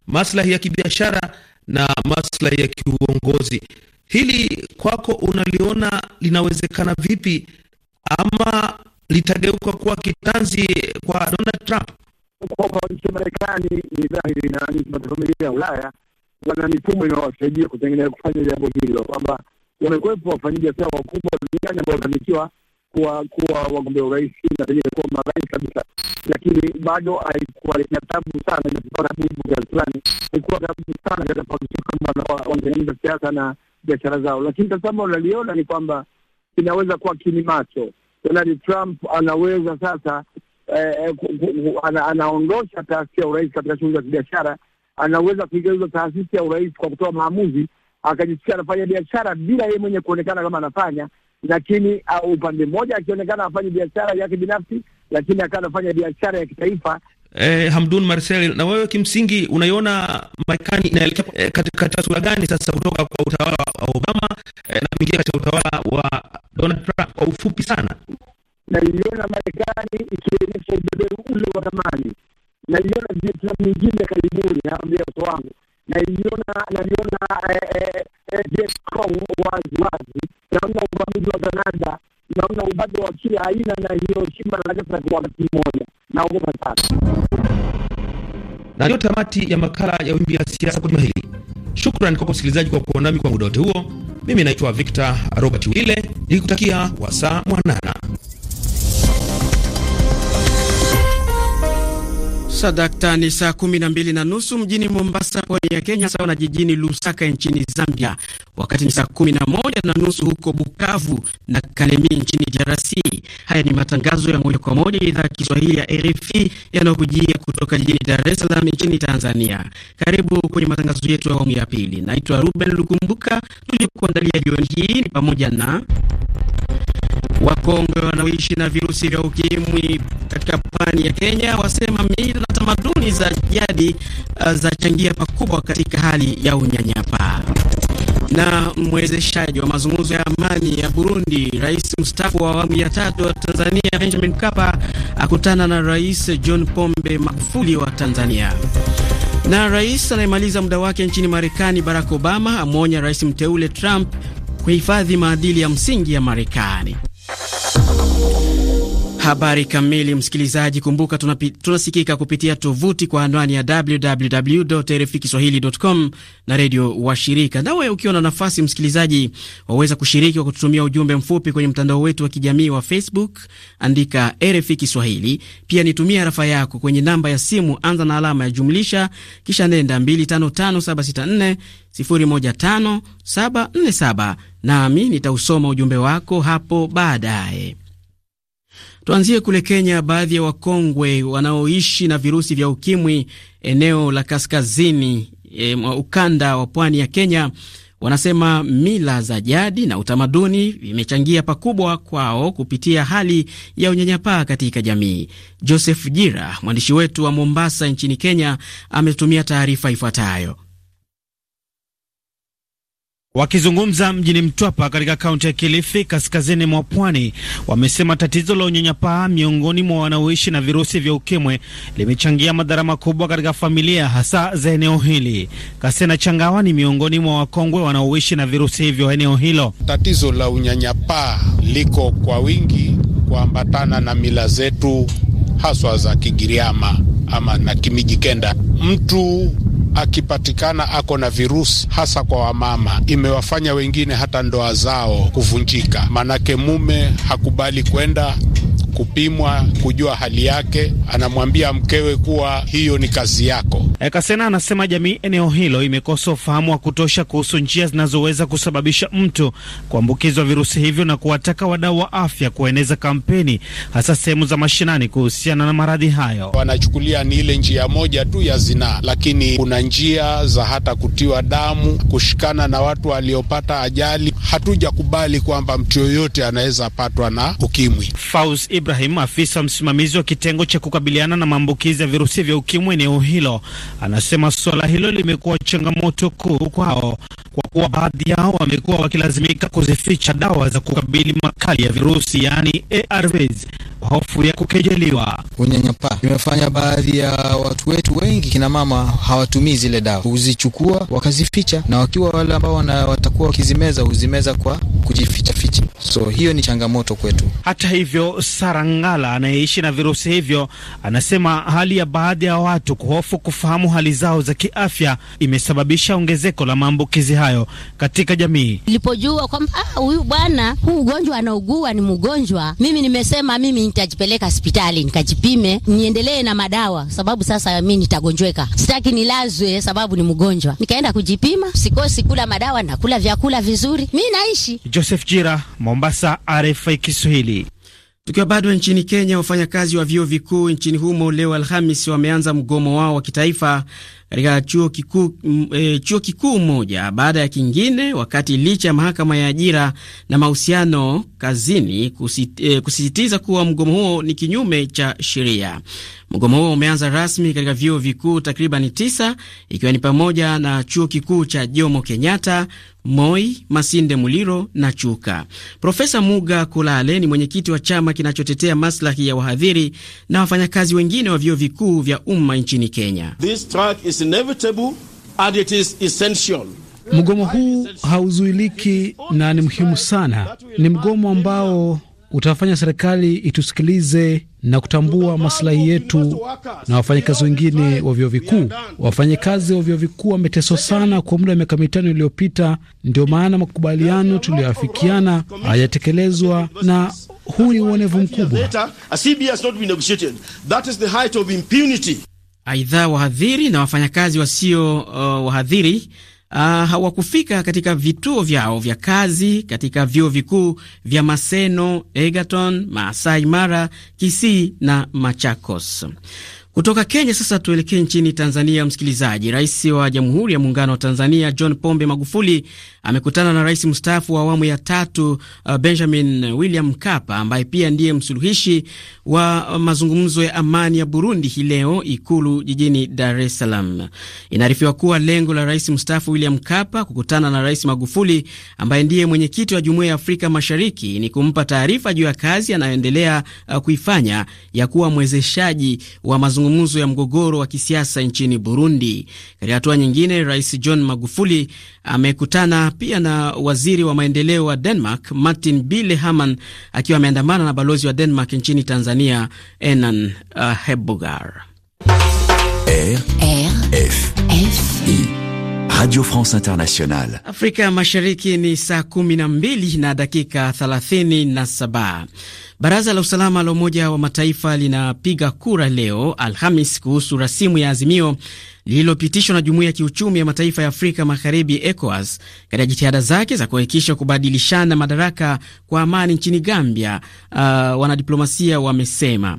F: maslahi ya kibiashara na maslahi ya kiuongozi. Hili kwako unaliona linawezekana vipi, ama litageuka kuwa kitanzi kwa Donald Trump?
G: Kwa upande wa Marekani ni dhahiri na mataifa ya Ulaya wana mifumo inayowasaidia kutengeneza kufanya jambo hilo, kwamba wamekuwepo wafanyabiashara wakubwa duniani ambao wanafanikiwa kuwa kuwa wagombea urais na pengine kuwa marais kabisa, lakini bado haikuwa na tabu sana, ilikuwa na bubu fulani, ilikuwa na tabu sana katika kuhakikisha kwamba wanaendeleza siasa na biashara zao. Lakini tazama, unaliona ni kwamba inaweza kuwa kinimacho. Donald Trump anaweza sasa eh, eh ana, anaondosha taasisi ya urais katika shughuli za kibiashara, anaweza kuigeuza taasisi ya urais kwa kutoa maamuzi, akajisikia anafanya biashara bila yeye mwenye kuonekana kama anafanya lakini uh, upande mmoja akionekana afanye biashara yake binafsi, lakini akawa anafanya biashara ya kitaifa.
F: Eh, Hamdun Marcel, na wewe kimsingi unaiona Marekani inaelekea eh, katika taswira gani sasa kutoka kwa utawala wa Obama eh, na kuingia katika utawala wa Donald Trump? Kwa ufupi sana,
G: naiona Marekani ikionyesha ubeberu ule wa zamani, naiona Vietnam nyingine karibuni, naambia watu wangu, naiona naliona eh, eh, eh, Vietcong wazi naona uvamizi wa Granada, naona ubabe wa kila aina na hiyo Hiroshima na Gaza kwa wakati mmoja. Naogopa sana.
F: Na ndiyo tamati ya makala ya Wimbi ya Siasa kwa juma hili. Shukrani kwa msikilizaji kwa kuwa nami kwa muda wote huo. Mimi naitwa Victor Robert Wile nikikutakia
A: wasaa mwanana. Sadakta ni saa kumi na mbili na nusu mjini Mombasa, pwani ya Kenya, sawa na jijini Lusaka nchini Zambia, wakati ni saa kumi na moja na nusu huko Bukavu na Kalemi nchini DRC. Haya ni matangazo ya moja kwa moja idhaa ya Kiswahili ya RFI yanayokujia kutoka jijini Dar es Salaam nchini Tanzania. Karibu kwenye matangazo yetu ya awamu ya pili. Naitwa Ruben Lukumbuka. Tuliokuandalia jioni hii ni pamoja na Wakongwe wanaoishi na virusi vya ukimwi katika pwani ya Kenya wasema mila na tamaduni za jadi uh, zachangia pakubwa katika hali ya unyanyapaa. Na mwezeshaji wa mazungumzo ya amani ya Burundi, rais mstaafu wa awamu ya tatu wa Tanzania Benjamin Mkapa akutana na rais John Pombe Magufuli wa Tanzania. Na rais anayemaliza muda wake nchini Marekani Barack Obama amwonya rais mteule Trump kuhifadhi maadili ya msingi ya Marekani. Thank you. Habari kamili, msikilizaji, kumbuka tunapi, tunasikika kupitia tovuti kwa anwani ya kiswahilicom na redio washirika. Nawe ukiwa na nafasi, msikilizaji, waweza kushiriki kwa kututumia ujumbe mfupi kwenye mtandao wetu wa kijamii wa Facebook, andika RFI Kiswahili. Pia nitumia rafa yako kwenye namba ya simu, anza na alama ya jumlisha, kisha nenda 255764 nami nitausoma ujumbe wako hapo baadaye. Tuanzie kule Kenya. Baadhi ya wakongwe wanaoishi na virusi vya ukimwi eneo la kaskazini e, ukanda wa pwani ya Kenya wanasema mila za jadi na utamaduni vimechangia pakubwa kwao kupitia hali ya unyanyapaa katika jamii. Joseph Jira, mwandishi wetu wa Mombasa nchini Kenya, ametumia taarifa ifuatayo. Wakizungumza mjini Mtwapa katika kaunti ya Kilifi, kaskazini mwa
K: pwani, wamesema tatizo la unyanyapaa miongoni mwa wanaoishi na virusi vya ukimwi limechangia madhara makubwa katika familia hasa za eneo hili. Kasena Changawa ni miongoni mwa wakongwe wanaoishi na virusi hivyo eneo hilo.
B: Tatizo la unyanyapaa liko kwa wingi kuambatana na mila zetu haswa za Kigiriama ama na Kimijikenda. Mtu akipatikana ako na virusi, hasa kwa wamama, imewafanya wengine hata ndoa zao kuvunjika, manake mume hakubali kwenda kupimwa, kujua hali yake. Anamwambia mkewe kuwa hiyo ni kazi yako.
K: Eh, Kasena anasema jamii eneo hilo imekosa ufahamu wa kutosha kuhusu njia zinazoweza kusababisha mtu kuambukizwa virusi hivyo na kuwataka wadau wa afya kueneza kampeni hasa sehemu za mashinani kuhusiana na maradhi hayo.
B: Wanachukulia ni ile njia moja tu ya zinaa, lakini kuna njia za hata kutiwa damu, kushikana na watu waliopata ajali. Hatujakubali kwamba mtu yoyote anaweza patwa na ukimwi.
K: Faus Ibrahim, afisa msimamizi wa kitengo cha kukabiliana na maambukizi ya virusi vya ukimwi eneo hilo, anasema suala hilo limekuwa changamoto kuu kwao kuwa baadhi yao wamekuwa wakilazimika kuzificha dawa za kukabili makali ya
H: virusi yaani ARVs kwa hofu ya kukejeliwa. Unyanyapaa imefanya baadhi ya watu wetu wengi, kina mama, hawatumii zile dawa, huzichukua wakazificha, na wakiwa wale ambao watakuwa wakizimeza huzimeza kwa kujifichaficha. So hiyo ni changamoto kwetu.
K: Hata hivyo, Sarangala anayeishi na virusi hivyo anasema hali ya baadhi ya watu kuhofu kufahamu hali zao za kiafya imesababisha ongezeko la maambukizi hayo maendeleo katika jamii.
A: Nilipojua kwamba ah, huyu bwana huu ugonjwa anaugua ni mgonjwa, mimi nimesema mimi nitajipeleka hospitali nikajipime, niendelee na madawa, sababu sasa mimi nitagonjweka, sitaki nilazwe sababu ni mgonjwa. Nikaenda kujipima, sikosi kula madawa na kula vyakula vizuri, mi naishi.
K: Joseph Jira, Mombasa, RFI
A: Kiswahili. Tukiwa bado nchini Kenya, wafanyakazi wa vyuo vikuu nchini humo leo Alhamis wameanza mgomo wao wa kitaifa katika chuo kikuu e, chuo kikuu moja baada ya kingine, wakati licha ya mahakama ya ajira na mahusiano kazini kusit, e, kusisitiza kuwa mgomo huo ni kinyume cha sheria. Mgomo huo umeanza rasmi katika vyuo vikuu takribani tisa ikiwa ni pamoja na chuo kikuu cha Jomo Kenyatta, Moi Masinde Muliro na Chuka. Profesa Muga Kulale ni mwenyekiti wa chama kinachotetea maslahi ya wahadhiri na wafanyakazi wengine wa vyuo vikuu vya umma nchini Kenya.
F: This track is inevitable and it is essential. Mgomo huu hauzuiliki na ni muhimu sana. Ni mgomo ambao utafanya serikali itusikilize na kutambua maslahi yetu na wafanyakazi wengine wa vyuo vikuu. Wafanyakazi wa vyuo vikuu wameteswa sana kwa muda wa miaka mitano iliyopita, ndio maana makubaliano tuliyoafikiana hayatekelezwa na huu ni uonevu mkubwa.
A: Aidha, wahadhiri na wafanyakazi wasio uh, wahadhiri uh, hawakufika katika vituo vyao vya kazi katika vyuo vikuu vya Maseno, Egerton, Maasai Mara, Kisii na Machakos. Kutoka Kenya sasa tuelekee nchini Tanzania, msikilizaji. Rais wa Jamhuri ya Muungano wa Tanzania John Pombe Magufuli amekutana na rais mstaafu wa awamu ya tatu uh, Benjamin William Mkapa ambaye pia ndiye msuluhishi wa mazungumzo ya amani ya Burundi hii leo Ikulu jijini Dar es Salaam. Inaarifiwa kuwa lengo la rais mstaafu William Mkapa kukutana na rais Magufuli ambaye ndiye mwenyekiti wa Jumuiya ya Afrika Mashariki ni kumpa taarifa juu ya kazi anayoendelea uh, kuifanya ya kuwa mwezeshaji wa mazungumzo mazungumzo ya mgogoro wa kisiasa nchini Burundi. Katika hatua nyingine, Rais John Magufuli amekutana pia na waziri wa maendeleo wa Denmark Martin Bille haman akiwa ameandamana na balozi wa Denmark nchini Tanzania Enan uh, Hebugar.
C: RFI Radio France Internationale.
A: Afrika Mashariki ni saa kumi na mbili na dakika thelathini na saba. Baraza la usalama la Umoja wa Mataifa linapiga kura leo Alhamis kuhusu rasimu ya azimio lililopitishwa na Jumuiya ya Kiuchumi ya Mataifa ya Afrika Magharibi, ECOWAS, katika jitihada zake za kuhakikisha kubadilishana madaraka kwa amani nchini Gambia. Uh, wanadiplomasia wamesema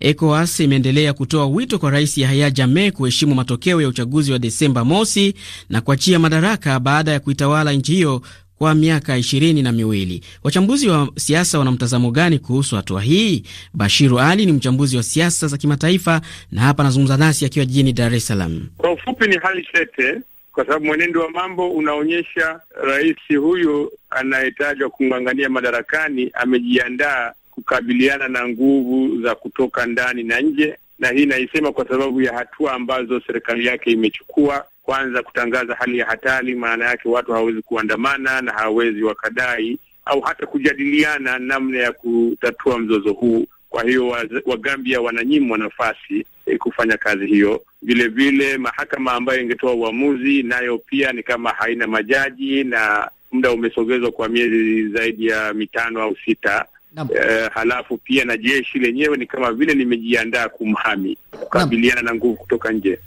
A: ECOWAS imeendelea kutoa wito kwa Rais Yahya Jammeh kuheshimu matokeo ya uchaguzi wa Desemba mosi na kuachia madaraka baada ya kuitawala nchi hiyo kwa miaka ishirini na miwili. Wachambuzi wa siasa wana mtazamo gani kuhusu hatua hii? Bashiru Ali ni mchambuzi wa siasa za kimataifa na hapa anazungumza nasi akiwa jijini Dar es Salaam.
B: Kwa ufupi, ni hali tete kwa sababu mwenendo wa mambo unaonyesha rais huyu anayetajwa kung'ang'ania madarakani amejiandaa kukabiliana na nguvu za kutoka ndani na nje, na hii naisema kwa sababu ya hatua ambazo serikali yake imechukua. Kwanza, kutangaza hali ya hatari, maana yake watu hawawezi kuandamana na hawawezi wakadai au hata kujadiliana namna ya kutatua mzozo huu. Kwa hiyo Wagambia wa wananyimwa nafasi e, kufanya kazi hiyo. Vile vile mahakama ambayo ingetoa uamuzi nayo pia ni kama haina majaji na muda umesogezwa kwa miezi zaidi ya mitano au sita. Uh, halafu pia na jeshi lenyewe ni kama vile limejiandaa kumhami kukabiliana na nguvu kutoka nje.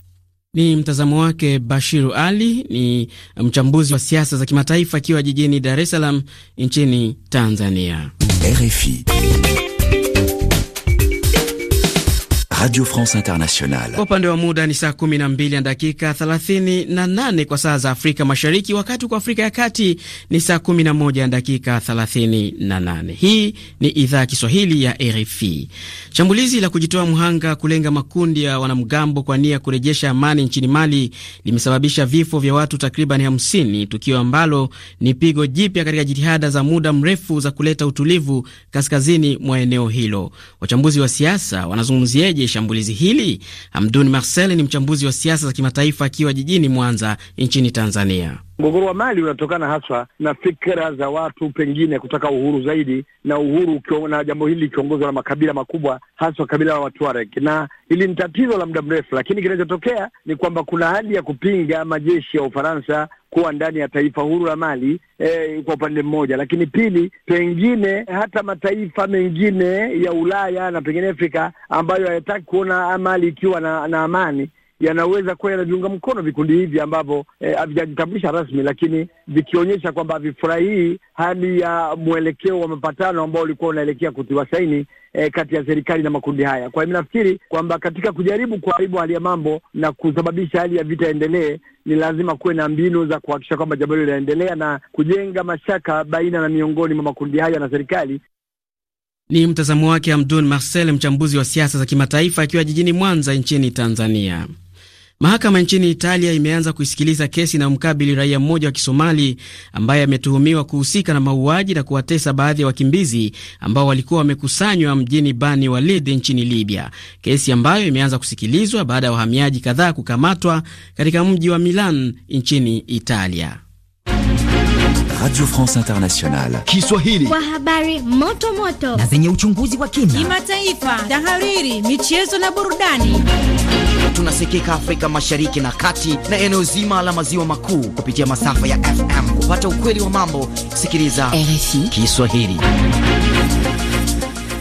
A: Ni mtazamo wake Bashiru Ali, ni mchambuzi wa siasa za kimataifa akiwa jijini Dar es Salaam nchini Tanzania. RFI.
C: Radio France Internationale. Kwa
A: upande wa muda ni saa 12 na dakika 38 kwa saa za Afrika Mashariki, wakati kwa Afrika ya Kati ni saa kumi na dakika nane. Hii ni idhaa ya Kiswahili ya RFI. Shambulizi la kujitoa mhanga kulenga makundi ya wanamgambo kwa nia ya kurejesha amani nchini Mali limesababisha vifo vya watu takriban hamsini, tukio ambalo ni pigo jipya katika jitihada za muda mrefu za kuleta utulivu kaskazini mwa eneo hilo. Wachambuzi wa siasa wanazungumziaje kufuatia shambulizi hili? Hamdun Marcel ni mchambuzi wa siasa za kimataifa akiwa jijini Mwanza nchini Tanzania.
G: Mgogoro wa Mali unatokana haswa na fikra za watu pengine kutaka uhuru zaidi, na uhuru na jambo hili likiongozwa na makabila makubwa, haswa kabila la Watuareg, na hili ni tatizo la muda mrefu, lakini kinachotokea ni kwamba kuna hali ya kupinga majeshi ya Ufaransa kuwa ndani ya taifa huru la Mali eh, kwa upande mmoja, lakini pili, pengine hata mataifa mengine ya Ulaya na pengine Afrika ambayo hayataki kuona Mali ikiwa na, na amani yanaweza kuwa yanaviunga mkono vikundi hivi ambavyo eh, havijajitambulisha eh, rasmi, lakini vikionyesha kwamba havifurahii hali ya mwelekeo wa mapatano ambao ulikuwa unaelekea kutiwa saini eh, kati ya serikali na makundi haya. Kwa hiyo nafikiri kwamba katika kujaribu kuharibu hali ya mambo na kusababisha hali ya vita endelee, ni lazima kuwe na mbinu za kuhakikisha kwamba jambo hilo linaendelea na kujenga mashaka baina na miongoni mwa makundi haya na serikali.
A: Ni mtazamo wake amdun Marcel, mchambuzi wa siasa za kimataifa, akiwa jijini Mwanza nchini Tanzania. Mahakama nchini Italia imeanza kuisikiliza kesi inayomkabili raia mmoja wa Kisomali ambaye ametuhumiwa kuhusika na mauaji na kuwatesa baadhi ya wakimbizi ambao walikuwa wamekusanywa mjini Bani Walid nchini Libya, kesi ambayo imeanza kusikilizwa baada ya wahamiaji kadhaa kukamatwa katika mji wa Milan nchini Italia.
C: Radio France Internationale
H: Kiswahili
I: kwa habari moto moto na
H: zenye uchunguzi wa kina,
I: kimataifa, tahariri, michezo na burudani
A: na tunasikika Afrika Mashariki na Kati na eneo zima la maziwa makuu kupitia masafa ya FM. Kupata ukweli wa mambo, sikiliza RFI Kiswahili.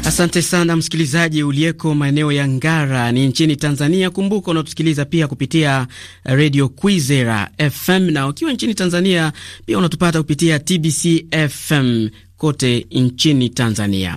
A: Asante sana msikilizaji uliyeko maeneo ya Ngara ni nchini Tanzania. Kumbuka unatusikiliza pia kupitia radio Kwizera FM, na ukiwa nchini Tanzania pia unatupata kupitia TBC FM kote nchini Tanzania.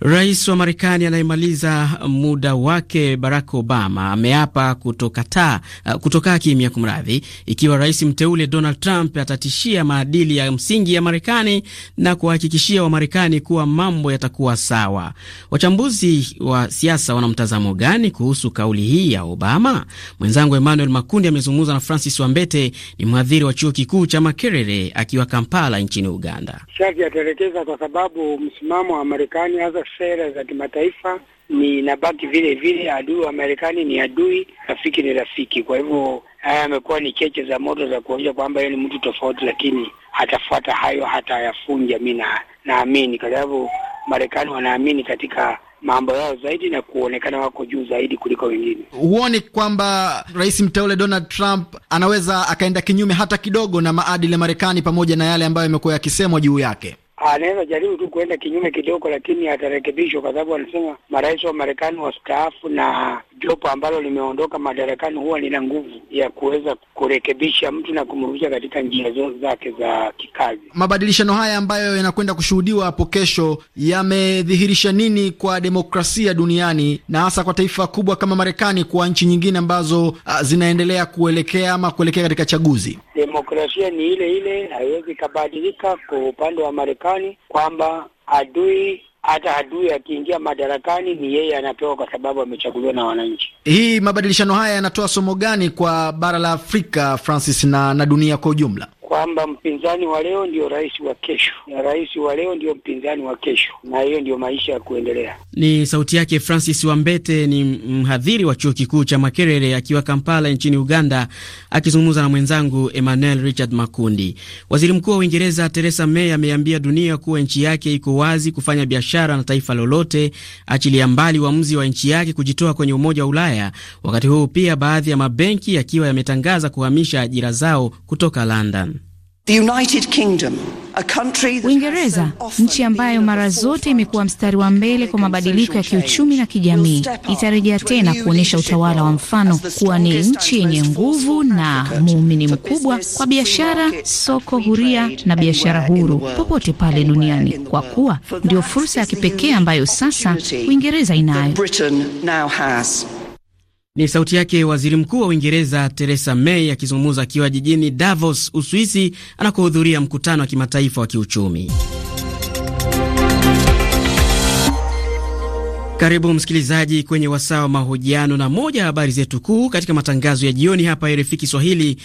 A: Rais wa Marekani anayemaliza muda wake Barack Obama ameapa kutokataa uh, kutokaa kimya, kumradhi, ikiwa rais mteule Donald Trump atatishia maadili ya msingi ya Marekani na kuwahakikishia Wamarekani kuwa mambo yatakuwa sawa. Wachambuzi wa siasa wana mtazamo gani kuhusu kauli hii ya Obama? Mwenzangu Emmanuel Makundi amezungumza na Francis Wambete, ni mhadhiri wa chuo kikuu cha Makerere akiwa Kampala nchini Uganda.
L: Shaki ataelekeza kwa sababu msimamo wa Marekani hasa sera za kimataifa ni nabaki vile vile, adui wa Marekani ni adui, rafiki ni rafiki. Kwa hivyo haya amekuwa ni cheche za moto za kuonyesha kwamba yeye ni mtu tofauti, lakini hatafuata hayo, hata ayafunja Mi naamini kwa sababu Marekani wanaamini katika mambo yao zaidi na kuonekana wako juu zaidi kuliko wengine.
H: Huoni kwamba rais mteule Donald Trump anaweza akaenda kinyume hata kidogo na maadili ya Marekani pamoja na yale ambayo yamekuwa yakisemwa juu yake?
L: anaweza jaribu tu kuenda kinyume kidogo, lakini atarekebishwa, kwa sababu anasema marais wa Marekani wastaafu na jopo ambalo limeondoka madarakani huwa lina nguvu ya kuweza kurekebisha mtu na kumrudisha katika njia zake
H: za kikazi. Mabadilishano haya ambayo yanakwenda kushuhudiwa hapo kesho yamedhihirisha nini kwa demokrasia duniani na hasa kwa taifa kubwa kama Marekani, kwa nchi nyingine ambazo zinaendelea kuelekea ama kuelekea katika chaguzi?
L: Demokrasia ni ile ile, haiwezi ikabadilika. Kwa upande wa Marekani madarakani kwamba adui hata adui akiingia madarakani ni yeye anapewa kwa sababu amechaguliwa na wananchi.
H: Hii mabadilishano haya yanatoa somo gani kwa bara la Afrika, Francis, na, na dunia kwa ujumla?
L: kwamba mpinzani wa leo ndio rais wa kesho na rais wa leo ndio mpinzani wa kesho, na hiyo ndio maisha ya
A: kuendelea. Ni sauti yake Francis Wambete, ni mhadhiri wa chuo kikuu cha Makerere akiwa Kampala nchini Uganda, akizungumza na mwenzangu Emmanuel Richard Makundi. Waziri Mkuu wa Uingereza Theresa May ameambia dunia kuwa nchi yake iko wazi kufanya biashara na taifa lolote, achilia mbali uamuzi wa, wa nchi yake kujitoa kwenye Umoja wa Ulaya, wakati huu pia baadhi ya mabenki yakiwa yametangaza kuhamisha ajira zao kutoka London.
I: The United Kingdom, a country that Uingereza, nchi ambayo mara zote imekuwa mstari wa mbele kwa mabadiliko ya kiuchumi na kijamii, itarejea tena kuonyesha utawala wa mfano kuwa ni nchi yenye nguvu na muumini mkubwa kwa biashara, soko huria na biashara huru popote pale duniani, kwa kuwa ndio fursa ya kipekee ambayo sasa Uingereza inayo. Ni sauti yake
A: waziri mkuu wa Uingereza Theresa May akizungumza akiwa jijini Davos, Uswisi, anakohudhuria mkutano wa kimataifa wa kiuchumi. Karibu msikilizaji kwenye wasaa wa mahojiano, na moja ya habari zetu kuu katika matangazo ya jioni hapa RFI Kiswahili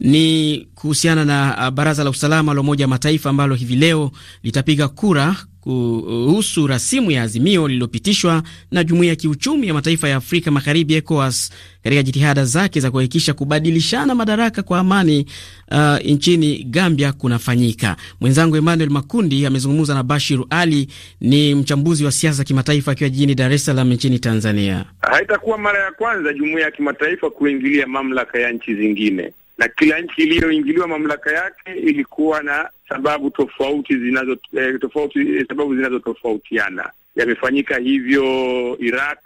A: ni kuhusiana na uh, baraza la usalama la Umoja wa Mataifa ambalo hivi leo litapiga kura kuhusu rasimu ya azimio lililopitishwa na Jumuiya ya Kiuchumi ya Mataifa ya Afrika Magharibi, ECOWAS, katika jitihada zake za kuhakikisha kubadilishana madaraka kwa amani uh, nchini Gambia kunafanyika. Mwenzangu Emmanuel Makundi amezungumza na Bashir Ali, ni mchambuzi wa siasa kimataifa, akiwa jijini Dar es Salaam nchini Tanzania.
B: Haitakuwa mara ya kwanza jumuiya ya kimataifa kuingilia mamlaka ya nchi zingine na kila nchi iliyoingiliwa mamlaka yake ilikuwa na sababu tofauti zinazo eh, tofauti eh, sababu zinazotofautiana. Yamefanyika hivyo Iraq,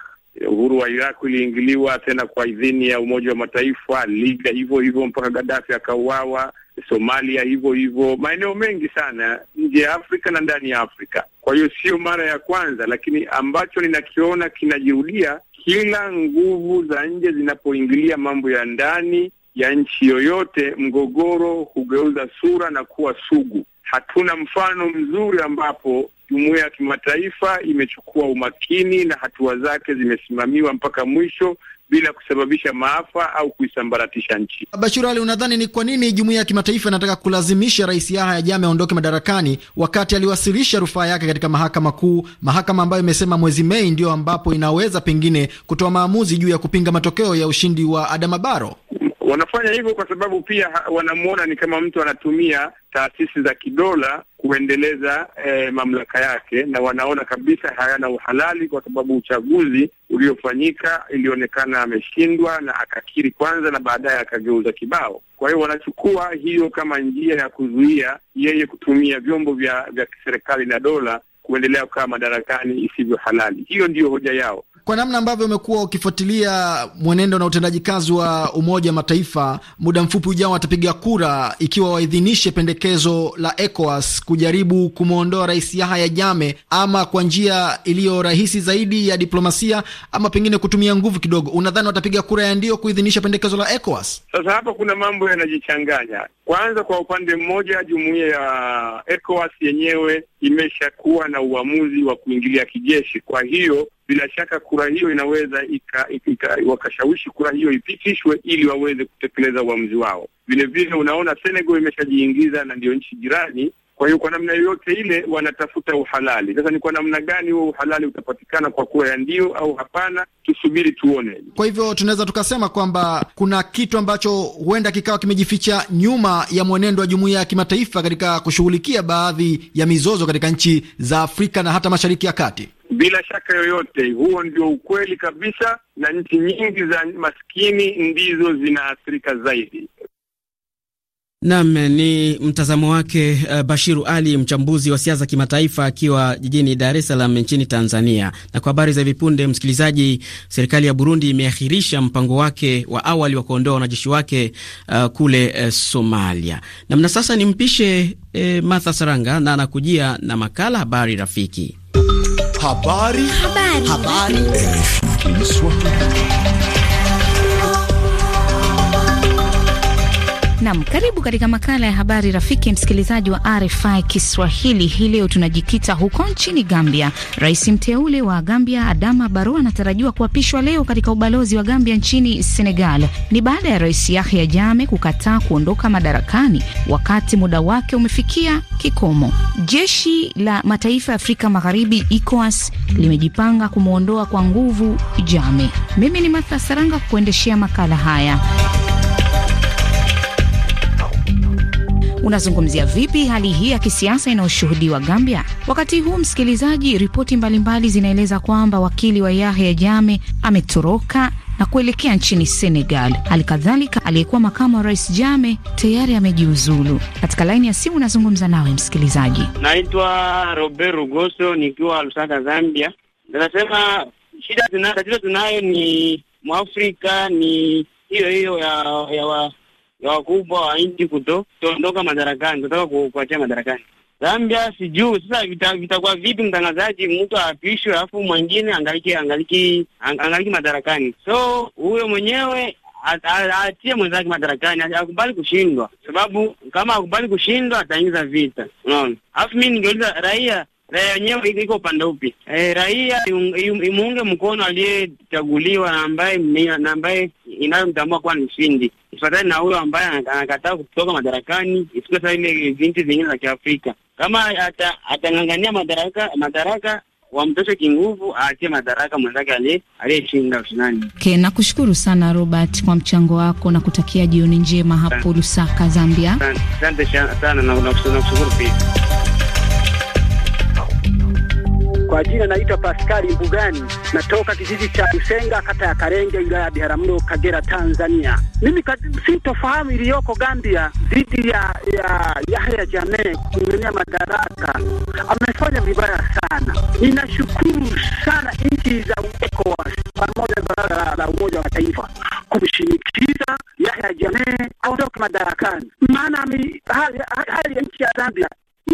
B: uhuru wa Iraq uliingiliwa tena kwa idhini ya Umoja wa Mataifa, Libya hivyo hivyo mpaka Gaddafi akauawa, Somalia hivyo hivyo, maeneo mengi sana nje ya Afrika na ndani ya Afrika. Kwa hiyo sio mara ya kwanza, lakini ambacho ninakiona kinajirudia kila nguvu za nje zinapoingilia mambo ya ndani ya nchi yoyote, mgogoro hugeuza sura na kuwa sugu. Hatuna mfano mzuri ambapo jumuiya ya kimataifa imechukua umakini na hatua zake zimesimamiwa mpaka mwisho bila kusababisha maafa au kuisambaratisha nchi.
H: Bashir Ali, unadhani ni kwa nini jumuiya ya kimataifa inataka kulazimisha Rais Yahya Jammeh aondoke madarakani wakati aliwasilisha rufaa yake katika mahakama kuu, mahakama ambayo imesema mwezi Mei ndio ambapo inaweza pengine kutoa maamuzi juu ya kupinga matokeo ya ushindi wa Adama Barrow?
B: Wanafanya hivyo kwa sababu pia wanamwona ni kama mtu anatumia taasisi za kidola kuendeleza eh, mamlaka yake, na wanaona kabisa hayana uhalali, kwa sababu uchaguzi uliofanyika ilionekana ameshindwa na akakiri kwanza, na baadaye akageuza kibao. Kwa hiyo wanachukua hiyo kama njia ya kuzuia yeye kutumia vyombo vya vya kiserikali na dola kuendelea kukaa madarakani isivyo halali. Hiyo ndiyo hoja yao.
H: Kwa namna ambavyo umekuwa ukifuatilia mwenendo na utendaji kazi wa Umoja wa Mataifa, muda mfupi ujao watapiga kura ikiwa waidhinishe pendekezo la ECOWAS kujaribu kumwondoa Rais Yahya Jammeh ama kwa njia iliyo rahisi zaidi ya diplomasia ama pengine kutumia nguvu kidogo. Unadhani watapiga kura ya ndio kuidhinisha pendekezo la ECOWAS?
B: Sasa hapa kuna mambo yanajichanganya. Kwanza, kwa upande mmoja, jumuiya ya ECOWAS yenyewe imeshakuwa na uamuzi wa kuingilia kijeshi, kwa hiyo bila shaka kura hiyo inaweza ika, ika, wakashawishi kura hiyo ipitishwe ili waweze kutekeleza uamuzi wao. Vile vile unaona Senegal imeshajiingiza na ndiyo nchi jirani kwa hiyo kwa namna yoyote ile wanatafuta uhalali. Sasa ni kwa namna gani huo uhalali utapatikana kwa kura ya ndio au hapana? Tusubiri tuone.
H: Kwa hivyo tunaweza tukasema kwamba kuna kitu ambacho huenda kikawa kimejificha nyuma ya mwenendo wa jumuiya ya kimataifa katika kushughulikia baadhi ya mizozo katika nchi za Afrika na hata Mashariki ya Kati.
B: Bila shaka yoyote, huo ndio ukweli kabisa, na nchi nyingi za maskini ndizo zinaathirika zaidi.
A: Nam ni mtazamo wake uh, Bashiru Ali, mchambuzi wa siasa kimataifa, akiwa jijini Dar es Salaam nchini Tanzania. Na kwa habari za hivi punde, msikilizaji, serikali ya Burundi imeahirisha mpango wake wa awali wa kuondoa wanajeshi wake uh, kule uh, Somalia. Namna sasa mpishe uh, Martha Saranga na anakujia na makala Habari Rafiki. Habari. Habari. Habari. Habari.
I: Nam, karibu katika makala ya habari rafiki, msikilizaji wa RFI Kiswahili. Hii leo tunajikita huko nchini Gambia. Rais mteule wa Gambia Adama Barrow anatarajiwa kuapishwa leo katika ubalozi wa Gambia nchini Senegal. Ni baada ya Rais Yahya jame kukataa kuondoka madarakani wakati muda wake umefikia kikomo. Jeshi la mataifa ya Afrika Magharibi ECOWAS limejipanga kumwondoa kwa nguvu jame Mimi ni Martha Saranga kuendeshea makala haya. Unazungumzia vipi hali hii ya kisiasa inayoshuhudiwa Gambia? Wakati huu msikilizaji, ripoti mbalimbali zinaeleza kwamba wakili wa Yahya jame ametoroka na kuelekea nchini Senegal. Hali kadhalika aliyekuwa makamu wa rais Jame tayari amejiuzulu. Katika laini ya simu unazungumza nawe msikilizaji.
M: Naitwa Robert Rugoso nikiwa Lusaka, Zambia. Nasema shida tatizo tunayo ni mwafrika ni hiyo hiyo ya, ya, wakubwa wa nchi kutoondoka madarakani, kutoka kuachia madarakani. Zambia sijuu sasa vitakuwa vita vipi, mtangazaji mtu aapishwe alafu mwingine angaliki angaliki angaliki madarakani. So huyo mwenyewe atie mwenzake madarakani, akubali kushindwa, sababu kama akubali kushindwa ataingiza vita, unaona. Alafu mi ningeuliza raia na eh, yenyewe iko upande upi? E, raia imuunge mkono aliyechaguliwa na ambaye na ambaye inayomtambua kuwa ni mshindi, ifatani na huyo ambaye anakataa kutoka madarakani, isikuwe saa ile vinti zingine za Kiafrika. Kama atang'ang'ania madaraka madaraka wamtoshe kinguvu, aachie madaraka mwenzake aliyeshinda ushinani.
I: Okay, nakushukuru sana Robert kwa mchango wako na kutakia jioni njema hapo Lusaka, Zambia.
M: Asante sana na nakushukuru pia. Kwa jina naitwa
G: paskali Mbugani, natoka kijiji cha Usenga, kata ya Karenge, wilaya ya Biharamulo, Kagera, Tanzania. Mimi sintofahamu iliyoko Gambia dhidi ya Yahya ya Jammeh kung'ang'ania madaraka, amefanya vibaya sana. Ninashukuru sana nchi za ECOWAS pamoja na baraza la Umoja wa Mataifa kumshinikiza Yahya Jammeh aondoke madarakani, maana hali ya nchi ya Zambia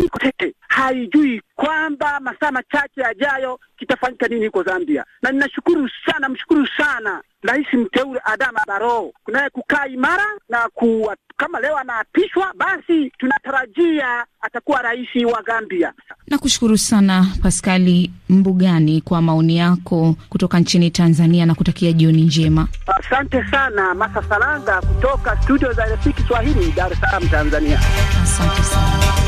G: iko tete, haijui kwamba masaa machache yajayo kitafanyika nini huko Zambia. Na ninashukuru sana, mshukuru sana Rais mteule Adama Barrow kunaye kukaa imara na ku kama leo anaapishwa, basi tunatarajia
I: atakuwa rais wa Gambia. Nakushukuru sana Paskali Mbugani kwa maoni yako kutoka nchini Tanzania na kutakia jioni njema. Asante sana
G: Masa Salanga kutoka studio za RFI Kiswahili, Dar es Salaam, Tanzania. Asante sana.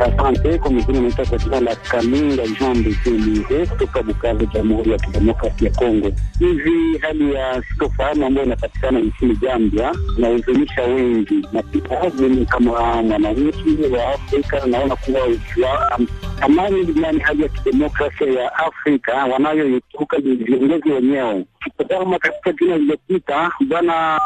G: Asante. Kwa majina naita kwa jina la Kaminga Jean Deselize kutoka Bukavu, Jamhuri ya Kidemokrasi ya Kongo. Hivi hali ya sitofahamu ambayo inapatikana nchini Zambia inahuzunisha wengi, na pia mimi kama mwananchi wa Afrika naona kuwa amani duniani, hali ya kidemokrasia ya Afrika wanayoituka ni viongozi wenyewe. Tazama katika juma lililopita, bwana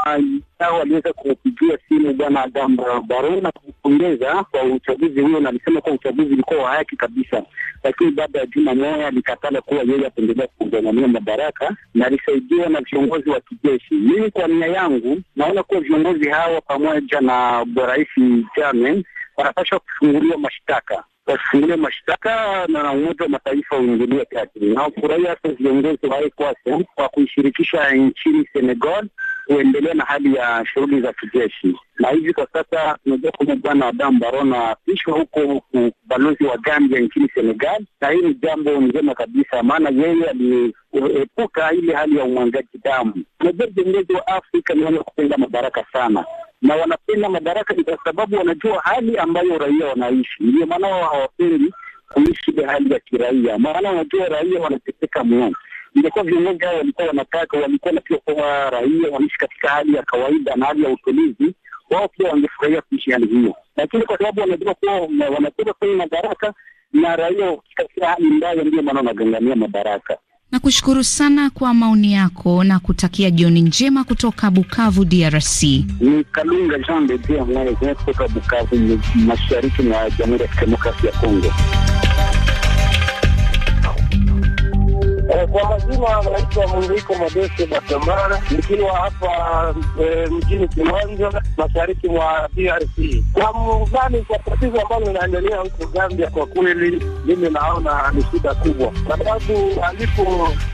G: Yao aliweza kupigia simu bwana Adama Barona alimpongeza kwa uchaguzi huo na alisema kuwa uchaguzi ulikuwa wa haki kabisa, lakini baada ya Juma Moya alikatala kuwa yeye apendelea kugang'ania madaraka na alisaidiwa na viongozi wa kijeshi. Mimi kwa nia yangu naona kuwa viongozi hawa pamoja na Rais Jame wanapaswa kufunguliwa mashtaka wafungulia mashtaka na Umoja wa Mataifa uingilie kati. Nafurahia hasa viongozi wa ECOWAS kwa kuishirikisha nchini Senegal kuendelea na hali ya shughuli za kijeshi, na hivi kwa sasa tunajua kwamba bwana damu barona anaapishwa huko ubalozi wa Gambia nchini Senegal, na hii ni jambo njema kabisa, maana yeye aliepuka ile hali ya umwangaji damu. Unajua viongozi wa Afrika ni wenye kupenda madaraka sana na wanapenda madaraka ni kwa sababu wanajua hali ambayo raia wanaishi. Ndio maana wao hawapendi kuishi ile hali ya kiraia, maana wanajua raia wanateseka mno ingekuwa viongozi hao walikuwa wanataka, walikuwa pia kuwa raia wanaishi katika hali ya kawaida na hali ya utulizi wao pia wangefurahia kuishi hali hiyo, lakini kwa sababu wanajua kuwa wanatoka kwenye madaraka na raia katika hali mbaya, ndio maana wanagangania madaraka.
I: Nakushukuru sana kwa maoni yako na kutakia jioni njema kutoka Bukavu, DRC.
G: Ni Kalunga Jean de Dieu kutoka Bukavu, mashariki mwa Jamhuri ya Kidemokrasia ya Kongo. Eh, kwa majina anaitwa Mwiriko Madese Batamara, nikiwa hapa eh, mjini Kiwanja, mashariki mwa DRC. Kwa mudani, kwa tatizo ambalo linaendelea huko Gambia, kwa kweli mimi naona ni shida kubwa, sababu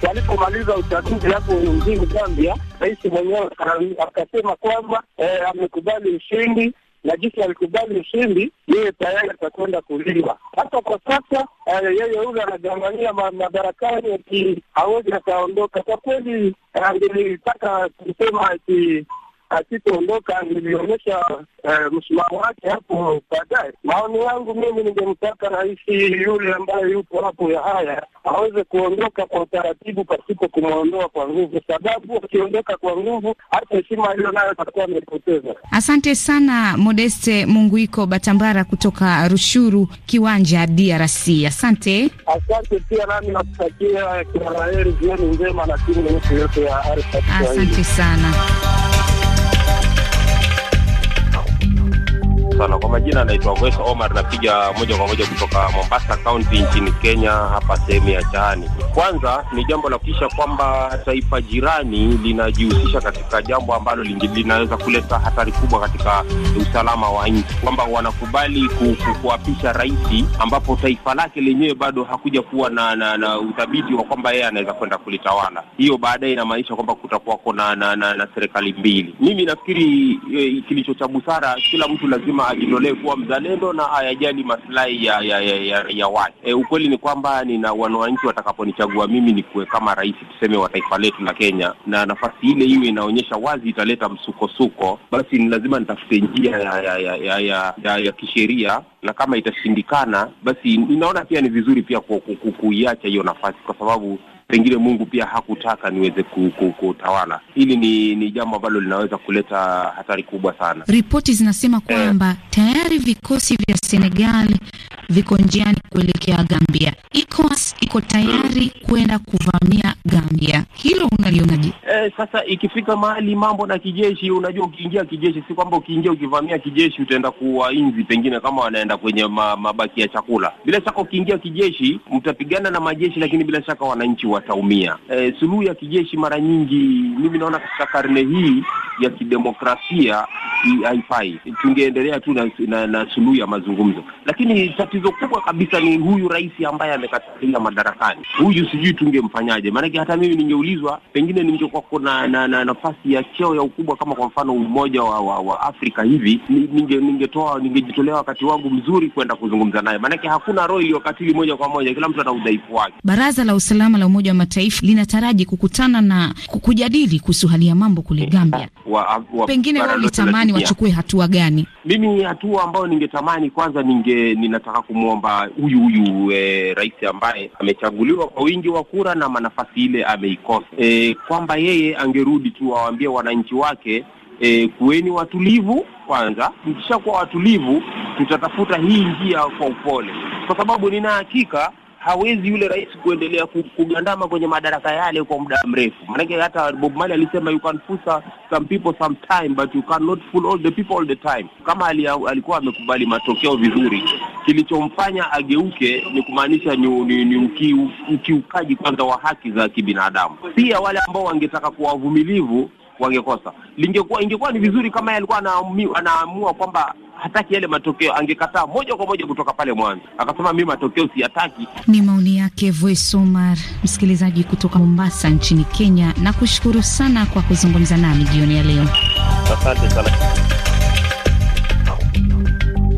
G: walipomaliza uchaguzi hapo mjini Gambia, rais mwenyewe akasema kwamba eh, amekubali ushindi na jinsi alikubali ushindi, yeye tayari atakwenda kuliwa. Hata kwa sasa eh, yeye ule anagangania madarakani ati hawezi akaondoka. Kwa kweli, eh, angelitaka kusema ati asipoondoka nilionyesha eh, msimamo wake hapo baadaye. Maoni yangu mimi, ningemtaka rais yule ambaye yupo hapo ya haya aweze kuondoka kwa utaratibu, pasipo kumwondoa kwa nguvu, sababu akiondoka kwa nguvu hata heshima aliyo nayo atakuwa amepoteza.
I: Asante sana Modeste Munguiko Batambara kutoka Rushuru Kiwanja, DRC. Asante, asante
G: pia nami nakutakia kila la heri, jioni njema na timu
I: yote ya RFI. Asante sana.
E: sana. Kwa majina anaitwa Gwesa Omar, napiga moja kwa moja kutoka Mombasa County nchini Kenya, hapa sehemu ya Chaani. Kwanza ni jambo la kutisha kwamba taifa jirani linajihusisha katika jambo ambalo linaweza kuleta hatari kubwa katika usalama wa nchi, kwamba wanakubali kuapisha rais ambapo taifa lake lenyewe bado hakuja kuwa na, na, na uthabiti wa kwamba yeye anaweza kwenda kulitawala. Hiyo baadaye inamaanisha kwamba kutakuwako na, na, na, na serikali mbili. Mimi nafikiri eh, kilicho cha busara, kila mtu lazima lazima ajitolee kuwa mzalendo na ayajali maslahi ya, ya, ya, ya, ya watu. E, ukweli ni kwamba nina wananchi watakaponichagua mimi nikuwe kama rais tuseme wa taifa letu la Kenya, na nafasi ile hiyo inaonyesha wazi italeta msukosuko, basi ni lazima nitafute njia ya, ya, ya, ya, ya, ya, ya kisheria na kama itashindikana, basi ninaona pia ni vizuri pia kuiacha hiyo nafasi kwa sababu pengine Mungu pia hakutaka niweze kutawala. Hili ni, ni jambo ambalo linaweza kuleta hatari kubwa sana.
I: Ripoti zinasema eh. kwamba eh, tayari vikosi vya Senegali viko njiani kuelekea Gambia. ECOWAS iko tayari hmm. kwenda kuvamia Gambia, hilo unalionaje?
E: Eh, sasa ikifika mahali mambo na kijeshi, unajua ukiingia kijeshi, si kwamba ukiingia ukivamia kijeshi utaenda kuwainzi, pengine kama wanaenda kwenye mabaki ya chakula. Bila shaka ukiingia kijeshi mtapigana na majeshi, lakini bila shaka wananchi wa wataumia. E, suluhu ya kijeshi mara nyingi, mimi naona katika karne hii ya kidemokrasia haifai. Tungeendelea tu na, na, na suluhu ya mazungumzo, lakini tatizo kubwa kabisa ni huyu rais ambaye amekatalia madarakani. Huyu sijui tungemfanyaje, maanake hata mimi ningeulizwa, pengine ningekuwako na nafasi na, na ya cheo ya ukubwa kama kwa mfano Umoja wa, wa, wa Afrika hivi, ninge ningetoa ningejitolea wakati wangu mzuri kwenda kuzungumza naye, maanake hakuna roho iliyokatili moja kwa moja, kila mtu ana udhaifu wake.
I: Baraza la usalama la Umoja wa Mataifa linataraji kukutana na kujadili kuhusu hali ya mambo kule Gambia.
E: Wa, wa, pengine wao litamani wachukue
I: hatua gani?
E: Mimi hatua ambayo ningetamani kwanza, ninge ninataka kumwomba huyu huyu e, rais ambaye amechaguliwa kwa wingi wa kura na manafasi ile ameikosa, e, kwamba yeye angerudi tu awaambie wananchi wake e, kuweni watulivu kwanza. Mkishakuwa watulivu, tutatafuta hii njia kwa upole, kwa sababu nina hakika hawezi yule rais kuendelea kugandama kwenye madaraka yale kwa muda mrefu. Maanake hata Bob Marley alisema you can fool some people sometime but you cannot fool all the people all the time. Kama alikuwa amekubali matokeo vizuri, kilichomfanya ageuke ni kumaanisha ni, ni, ni ukiu, ukiukaji kwanza wa haki za kibinadamu. Pia wale ambao wangetaka kuwa wavumilivu wangekosa. Lingekuwa ingekuwa ni vizuri kama alikuwa anaamua kwamba hataki yale matokeo, angekataa moja kwa moja kutoka pale mwanzo, akasema mi matokeo siyataki.
I: Ni maoni yake Voice Omar, msikilizaji kutoka Mombasa nchini Kenya, na kushukuru sana kwa kuzungumza nami jioni ya leo. Asante sana.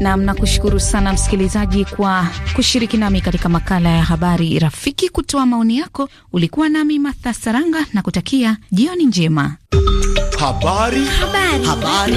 I: Nam, nakushukuru sana msikilizaji kwa kushiriki nami katika makala ya habari rafiki, kutoa maoni yako. Ulikuwa nami Matha Saranga na kutakia jioni njema.
A: Habari. Habari. Habari.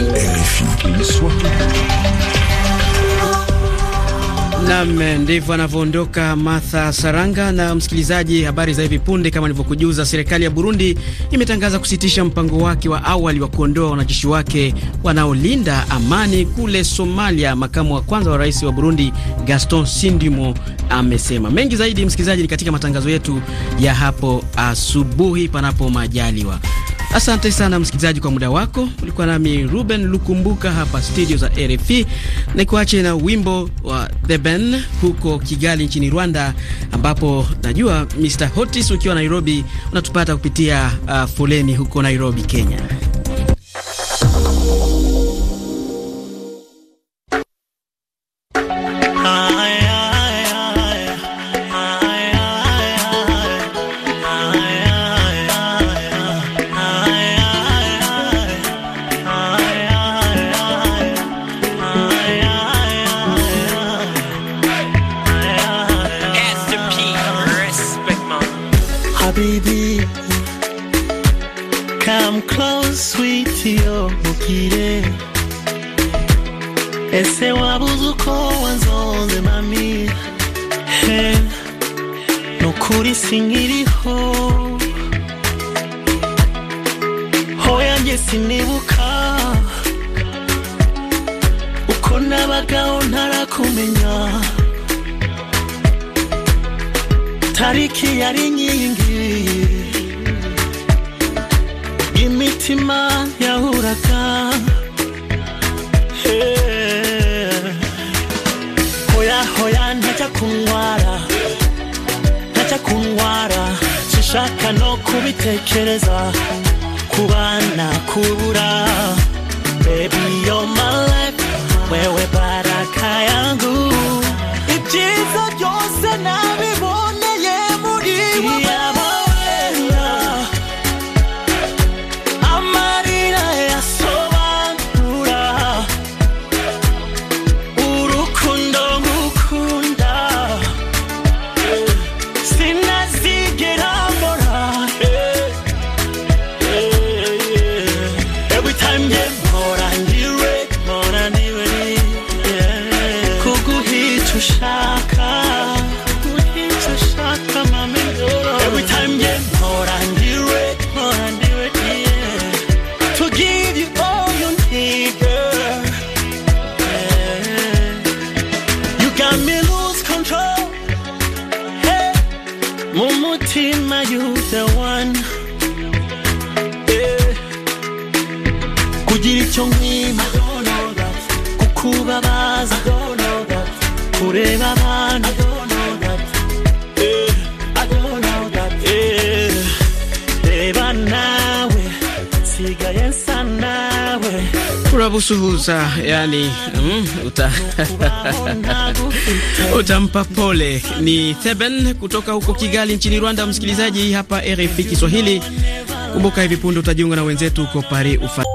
A: Nam, ndivyo anavyoondoka Martha Saranga. Na msikilizaji, habari za hivi punde, kama nilivyokujuza, serikali ya Burundi imetangaza kusitisha mpango wake wa awali wa kuondoa wanajeshi wake wanaolinda amani kule Somalia. Makamu wa kwanza wa rais wa Burundi Gaston Sindimo amesema mengi zaidi. Msikilizaji, ni katika matangazo yetu ya hapo asubuhi, panapo majaliwa. Asante sana msikilizaji kwa muda wako. Ulikuwa nami Ruben Lukumbuka hapa studio za RFI. Nikuache na wimbo wa Theben huko Kigali nchini Rwanda, ambapo najua Mr Hotis ukiwa Nairobi unatupata kupitia uh, foleni huko Nairobi, Kenya.
C: encima ya huracán. Yeah. Hoya hoya ntajya kundwara ntajya kundwara sinshaka no kubitekereza ku kubura baby you're my life wewe baraka yangu ibyiza byose nawe
A: kukubusu yani, mm, uta, utampa pole. Ni Theben kutoka huko Kigali nchini Rwanda. Msikilizaji hapa RFI Kiswahili, kumbuka hivi punde utajiunga na wenzetu huko Paris.